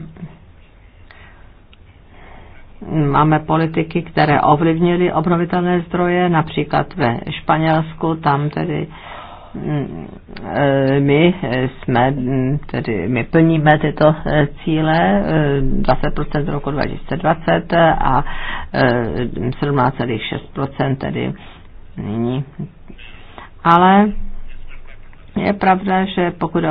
máme politiky, které ovlivnily obnovitelné zdroje, například ve Španělsku, tam tedy mm, e, my jsme, mm, tedy my plníme tyto e, cíle 20% e, do roku 2020 a 17,6% tedy nyní. Ale je pravda, že pokud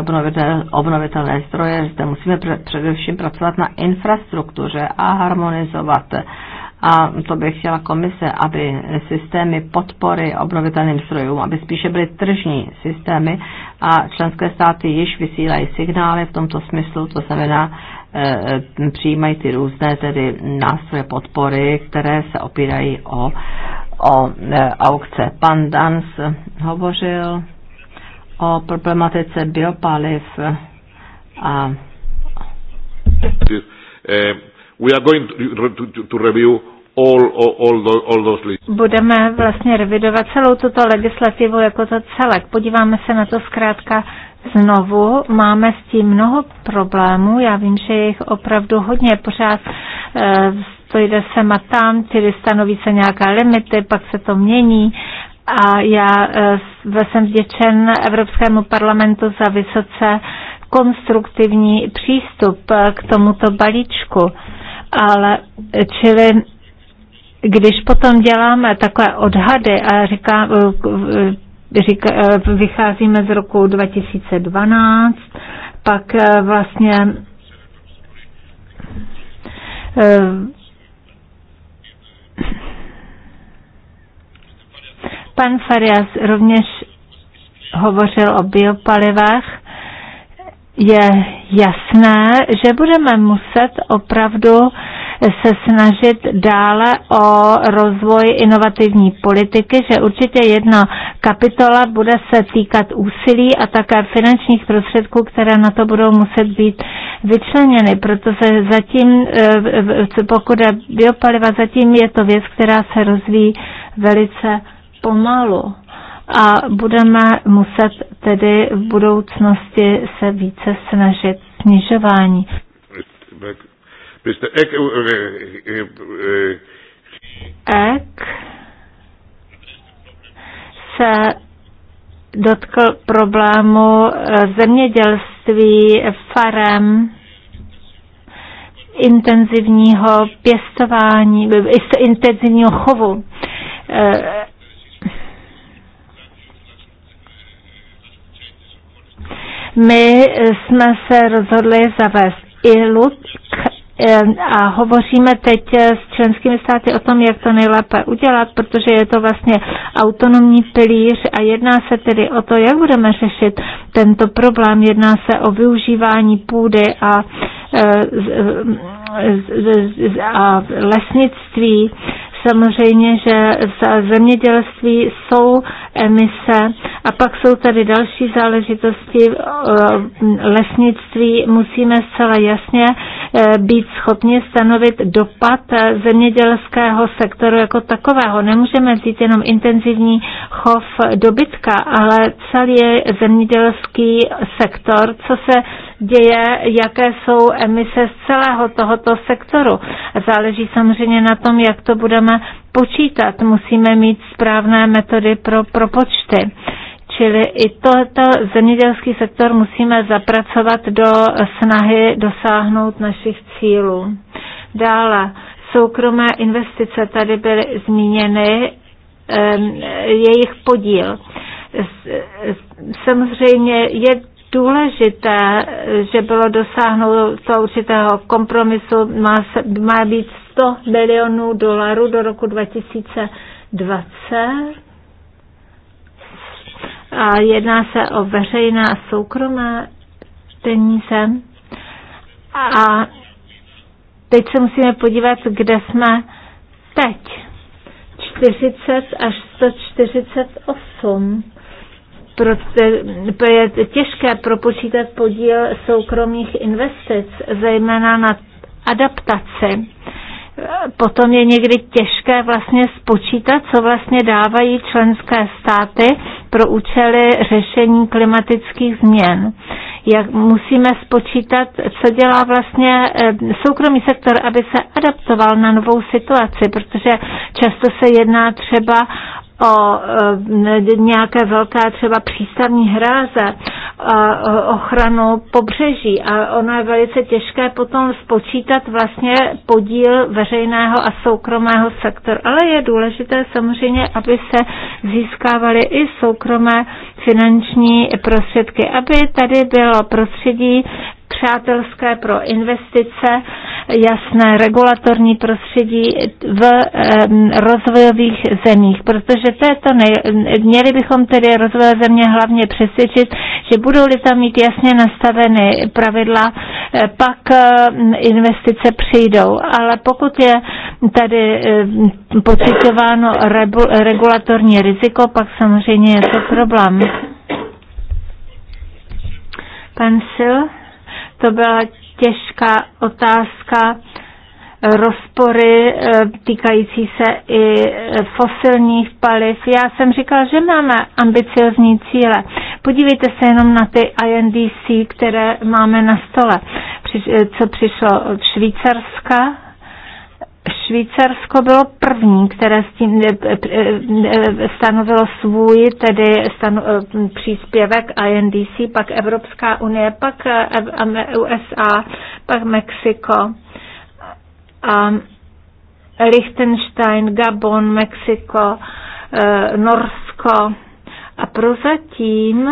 obnovitelné zdroje, zde musíme především pracovat na infrastruktuře a harmonizovat. A to bych chtěla komise, aby systémy podpory obnovitelným zdrojům, aby spíše byly tržní systémy a členské státy již vysílají signály v tomto smyslu, to znamená, e, e přijímají ty různé tedy nástroje podpory, které se opírají o, o e, aukce. Pan Dans hovořil o problematice biopaliv a eh, Budeme vlastně revidovat celou tuto legislativu jako to celek. Podíváme se na to zkrátka znovu. Máme s tím mnoho problémů. Já vím, že je jich opravdu hodně. Pořád eh, to jde sem a tam, čili stanoví se nějaká limity, pak se to mění a já e, jsem vděčen Evropskému parlamentu za vysoce konstruktivní přístup e, k tomuto balíčku. Ale čili když potom děláme takové odhady a říká, e, říká, vycházíme z roku 2012, pak vlastně Pan Farias rovněž hovořil o biopalivách. Je jasné, že budeme muset opravdu se snažit dále o rozvoj inovativní politiky, že určitě jedna kapitola bude se týkat úsilí a také finančních prostředků, které na to budou muset být vyčleněny, protože zatím, eh, pokud je biopaliva, zatím je to věc, která se rozvíjí velice pomalu a budeme muset tedy v budoucnosti se více snažit snižování. Eh, eh, eh, Ek se dotkl problému zemědělství, farem, intenzivního pěstování, intenzivního chovu My jsme se rozhodli zavést luk eh, a hovoříme teď s členskými státy o tom, jak to nejlépe udělat, protože je to vlastně autonomní pilíř a jedná se tedy o to, jak budeme řešit tento problém. Jedná se o využívání půdy a, eh, a lesnictví Samozřejmě, že v zemědělství jsou emise a pak jsou tady další záležitosti eh, lesnictví. Musíme zcela jasně eh, být schopni stanovit dopad eh, zemědělského sektoru jako takového. Nemůžeme vzít jenom intenzivní chov dobytka, ale celý zemědělský sektor, co se děje, jaké jsou emise z celého tohoto sektoru. Záleží samozřejmě na tom, jak to budeme počítat. Musíme mít správné metody pro propočty. Čili i toto zemědělský sektor musíme zapracovat do snahy dosáhnout našich cílů. Dále, soukromé investice tady byly zmíněny, jejich podíl. Samozřejmě je důležité, že bylo dosáhnuto určitého kompromisu, má, se, má být 100 milionů dolarů do roku 2020. A jedná se o veřejné a soukromé peníze. A teď se musíme podívat, kde jsme teď. 40 až 148 je těžké propočítat podíl soukromých investic, zejména na adaptaci. Potom je někdy těžké vlastně spočítat, co vlastně dávají členské státy pro účely řešení klimatických změn. Jak musíme spočítat, co dělá vlastně eh, soukromý sektor, aby se adaptoval na novou situaci, protože často se jedná třeba o e, nějaké velké třeba přístavní hráze, e, ochranu pobřeží a ono je velice těžké potom spočítat vlastně podíl veřejného a soukromého sektoru. Ale je důležité samozřejmě, aby se získávaly i soukromé finanční prostředky, aby tady bylo prostředí přátelské pro investice, jasné regulatorní prostředí v rozvojových zemích, protože to je to nej... měli bychom tedy rozvojové země hlavně přesvědčit, že budou-li tam mít jasně nastaveny pravidla, eh, pak investice přijdou. Ale pokud je tady pocitováno regulatorní riziko, pak samozřejmě je to problém. Pan Sil? To byla těžká otázka rozpory eh, týkající se i eh, fosilních paliv. Já jsem říkal, že máme ambiciozní cíle. Podívejte se jenom na ty INDC, které máme na stole, eh, co přišlo od Švýcarska, Švýcarsko bylo první, které s tím eh, eh, stanovilo svůj tedy stano, eh, příspěvek INDC, pak Evropská unie, pak USA, pak Mexiko. A Liechtenstein, Gabon, Mexiko, Norsko. A prozatím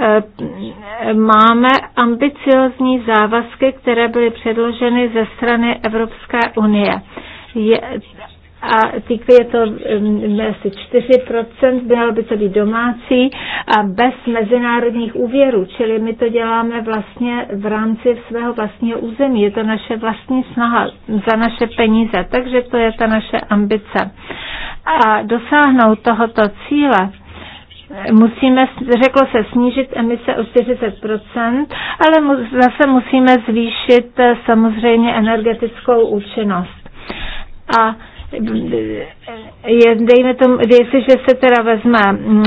Eh, máme ambiciozní závazky, které byly předloženy ze strany Evropské unie. Je, a týká je to mm, asi 4%, mělo by to být domácí a bez mezinárodních úvěrů, čili my to děláme vlastně v rámci svého vlastního území. Je to naše vlastní snaha za naše peníze, takže to je ta naše ambice. A dosáhnout tohoto cíle, musíme, řeklo se, snížit emise o 40%, ale zase musíme zvýšit eh, samozřejmě energetickou účinnost. A je, dejme tomu, jestliže se teda vezme mm,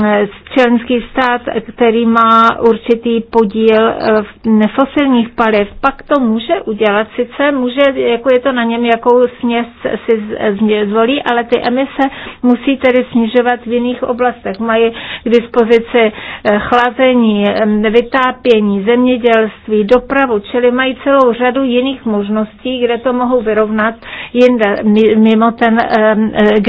členský stát, který má určitý podíl eh, v nefosilních paliv, pak to může udělat, sice může, jako je to na něm, jakou směs si zvolí, ale ty emise musí tedy snižovat v jiných oblastech. Mají k dispozici eh, chlazení, mm, vytápění, zemědělství, dopravu, čili mají celou řadu jiných možností, kde to mohou vyrovnat jinde, mimo ten, eh,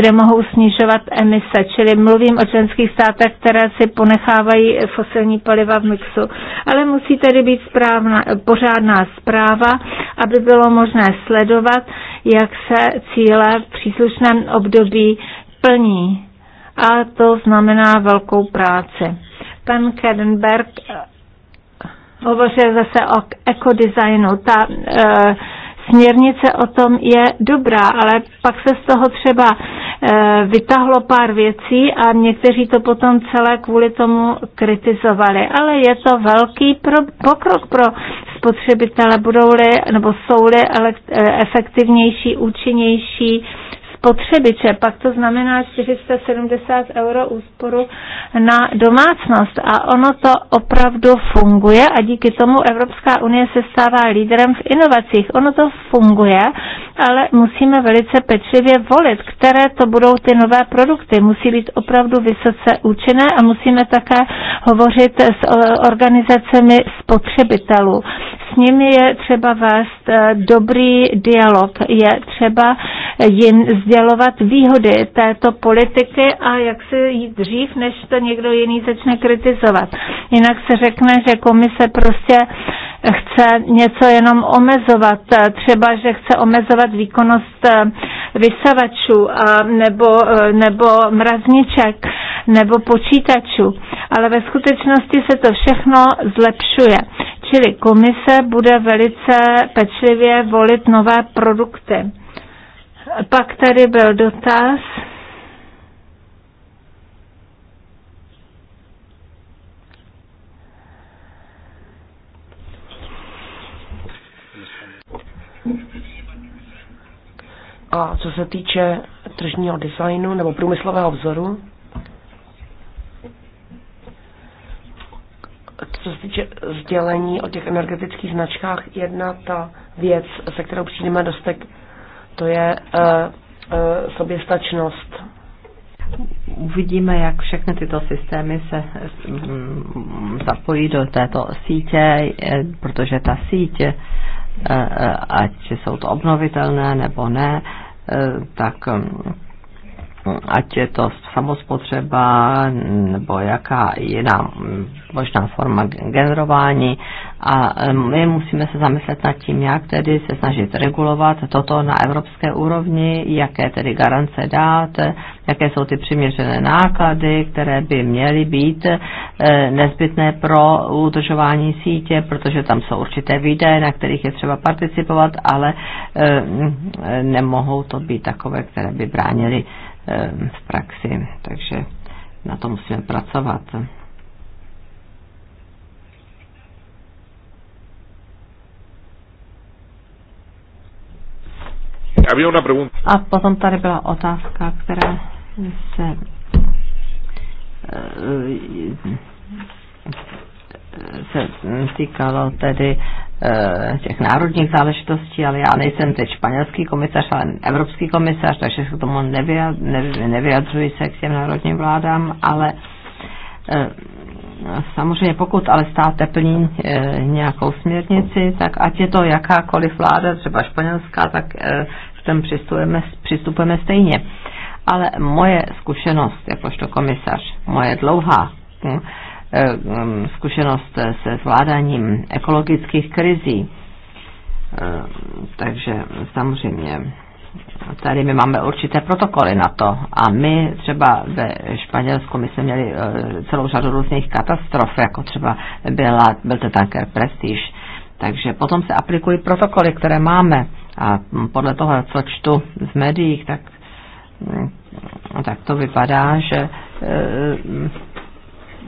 kde mohou snižovat emise. Čili mluvím o členských státech, které si ponechávají fosilní paliva v mixu. Ale musí tedy být správna, pořádná zpráva, aby bylo možné sledovat, jak se cíle v příslušném období plní. A to znamená velkou práci. Pan Kedenberg eh, hovořil zase o ekodesignu. Ta, uh, Směrnice o tom je dobrá, ale pak se z toho třeba eh, vytahlo pár věcí a někteří to potom celé kvůli tomu kritizovali. Ale je to velký pro, pokrok pro spotřebitele, budou-li nebo jsou-li eh, efektivnější, účinnější spotřebiče, pak to znamená 470 euro úsporu na domácnost. A ono to opravdu funguje a díky tomu Evropská unie se stává lídrem v inovacích. Ono to funguje, ale musíme velice pečlivě volit, které to budou ty nové produkty. Musí být opravdu vysoce účinné a musíme také hovořit s eh, organizacemi spotřebitelů. S nimi je třeba vést eh, dobrý dialog. Je třeba eh, jim sdělovat výhody této politiky a jak se jít dřív, než to někdo jiný začne kritizovat. Jinak se řekne, že komise prostě chce něco jenom omezovat, třeba, že chce omezovat výkonnost eh, vysavačů a, nebo, eh, nebo mrazniček nebo počítačů. Ale ve skutečnosti se to všechno zlepšuje. Čili komise bude velice pečlivě volit nové produkty. Pak tady byl dotaz. A co se týče tržního designu nebo průmyslového vzoru, co se týče sdělení o těch energetických značkách, jedna ta věc, se kterou přijdeme do to je uh, uh, soběstačnost. Uvidíme, jak všechny tyto systémy se mm, zapojí do této sítě, protože ta síť, eh, ať jsou to obnovitelné nebo ne, tak mm, ať je to samospotřeba nebo jaká jiná možná forma generování. A my musíme se zamyslet nad tím, jak tedy se snažit regulovat toto na evropské úrovni, jaké tedy garance dát, jaké jsou ty přiměřené náklady, které by měly být eh, nezbytné pro udržování sítě, protože tam jsou určité výdaje, na kterých je třeba participovat, ale eh, nemohou to být takové, které by bránily Eh, v praxi, takže na to musíme pracovat. A potom tady byla otázka, která se eh, se týkalo tedy Eh, těch národních záležitostí, ale já nejsem teď španělský komisař, ale evropský komisař, takže se k tomu nevyjadřuji se k těm národním vládám, ale eh, samozřejmě pokud ale stát teplní eh, nějakou směrnici, tak ať je to jakákoliv vláda, třeba španělská, tak v tom přistupujeme, přistupujeme stejně. Ale moje zkušenost, jakožto komisař, moje dlouhá, hm, Eh, zkušenost eh, se zvládáním ekologických krizí. Eh, takže samozřejmě tady my máme určité protokoly na to a my třeba ve Španělsku my jsme měli celou řadu různých katastrof, jako třeba byla, byl to tanker Prestige, takže potom se aplikují protokoly, které máme a hm, podle toho, co čtu v médiích, tak, hm, tak to vypadá, že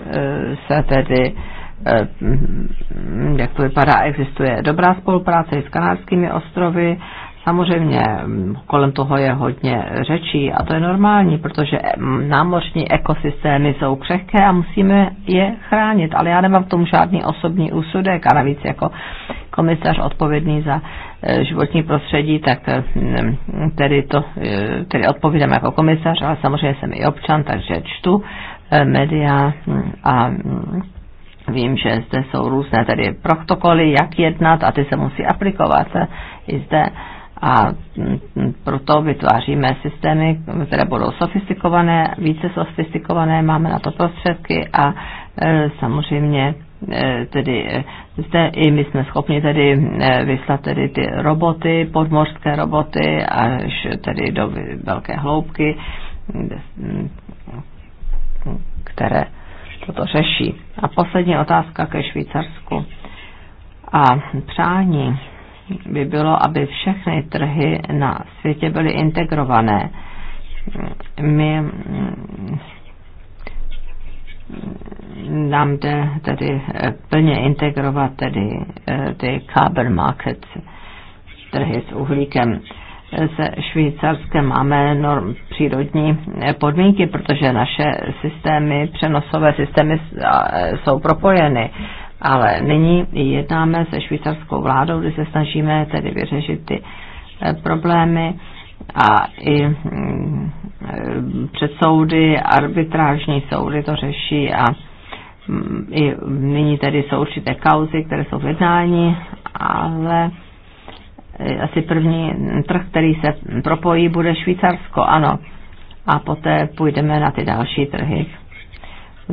Eh, se tedy eh, jak to vypadá, existuje dobrá spolupráce i s kanárskými ostrovy. Samozřejmě mm, kolem toho je hodně řečí a to je normální, protože mm, námořní ekosystémy jsou křehké a musíme je chránit. Ale já nemám k tomu žádný osobní úsudek a navíc jako komisař odpovědný za eh, životní prostředí, tak tedy, to, tedy odpovídám jako komisař, ale samozřejmě jsem i občan, takže čtu Eh, média hm, a hm, Vím, že zde jsou různé tedy protokoly, jak jednat a ty se musí aplikovat i zde. A hm, proto vytváříme systémy, které budou sofistikované, více sofistikované, máme na to prostředky a eh, samozřejmě eh, tedy zde i my jsme schopni tedy vyslat tedy ty roboty, podmořské roboty až tedy do velké hloubky které toto řeší. A poslední otázka ke Švýcarsku. A přání by bylo, aby všechny trhy na světě byly integrované. My nám jde tedy eh, plně integrovat tedy eh, ty carbon markets, trhy s uhlíkem se Švýcarskem máme norm, přírodní eh, podmínky, protože naše systémy, přenosové systémy eh, jsou propojeny. Ale nyní jednáme se švýcarskou vládou, kdy se snažíme tedy vyřešit ty eh, problémy a i mm, před soudy, arbitrážní soudy to řeší a mm, i nyní tedy jsou určité kauzy, které jsou v jednání, ale Eh, asi první trh, který se propojí, bude Švýcarsko, ano. A poté půjdeme na ty další trhy.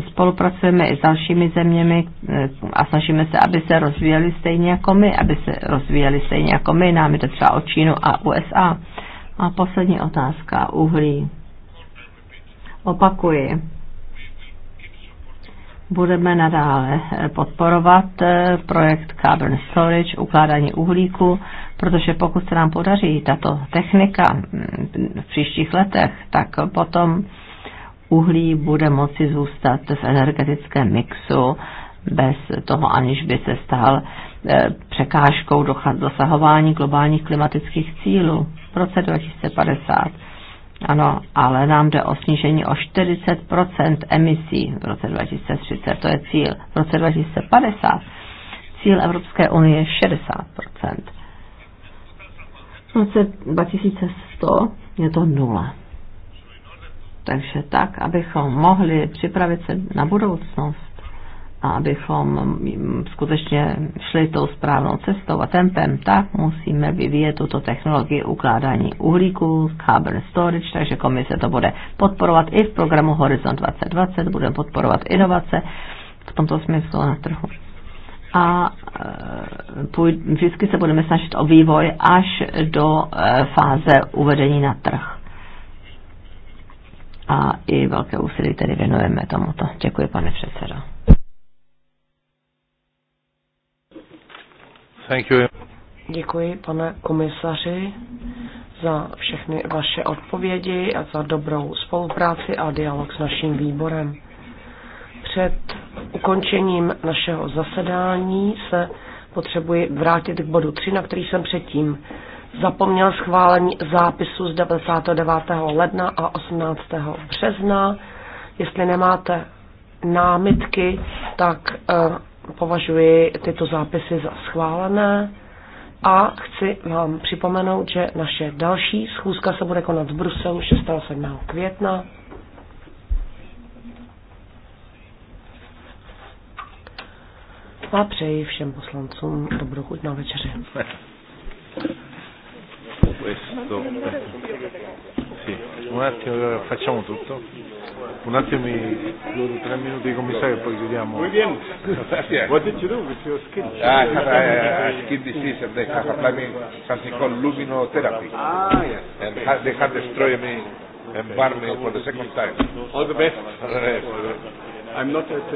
Spolupracujeme i s dalšími zeměmi eh, a snažíme se, aby se rozvíjeli stejně jako my, aby se rozvíjeli stejně jako my. Nám jde třeba o Čínu a USA. A poslední otázka, uhlí. Opakuji budeme nadále eh, podporovat projekt Carbon Storage, ukládání uhlíku protože pokud se nám podaří tato technika mm, v příštích letech, tak potom uhlí bude moci zůstat v energetickém mixu bez toho, aniž by se stal e, překážkou dosahování globálních klimatických cílů v roce 2050. Ano, ale nám jde o snížení o 40 emisí v roce 2030. To je cíl. V roce 2050 cíl Evropské unie je 60 v roce 2100 je to nula. Takže tak, abychom mohli připravit se na budoucnost a abychom skutečně šli tou správnou cestou a tempem, tak musíme vyvíjet tuto technologii ukládání uhlíku, carbon storage, takže komise to bude podporovat i v programu Horizon 2020, budeme podporovat inovace v tomto smyslu na trhu a e, vždycky se budeme snažit o vývoj až do e, fáze uvedení na trh. A i velké úsilí tedy věnujeme tomuto. Děkuji, pane předsedo. Thank you. Děkuji, pane komisaři, za všechny vaše odpovědi a za dobrou spolupráci a dialog s naším výborem před ukončením našeho zasedání se potřebuji vrátit k bodu 3, na který jsem předtím zapomněl schválení zápisu z 99. ledna a 18. března. Jestli nemáte námitky, tak eh, považuji tyto zápisy za schválené a chci vám připomenout, že naše další schůzka se bude konat v Bruselu 6. a 7. května a přeji všem poslancům dobrou chuť na večeři. Questo. Sì, un attimo facciamo tutto. Un attimo i tre minuti di commissario e poi chiudiamo. Muy bien. What did you do with your skin? Ah, uh, skin disease and they have applied me something called luminotherapy. Ah, yes. And they have destroyed me and burned me for the second time. All the best. All the best. I'm not a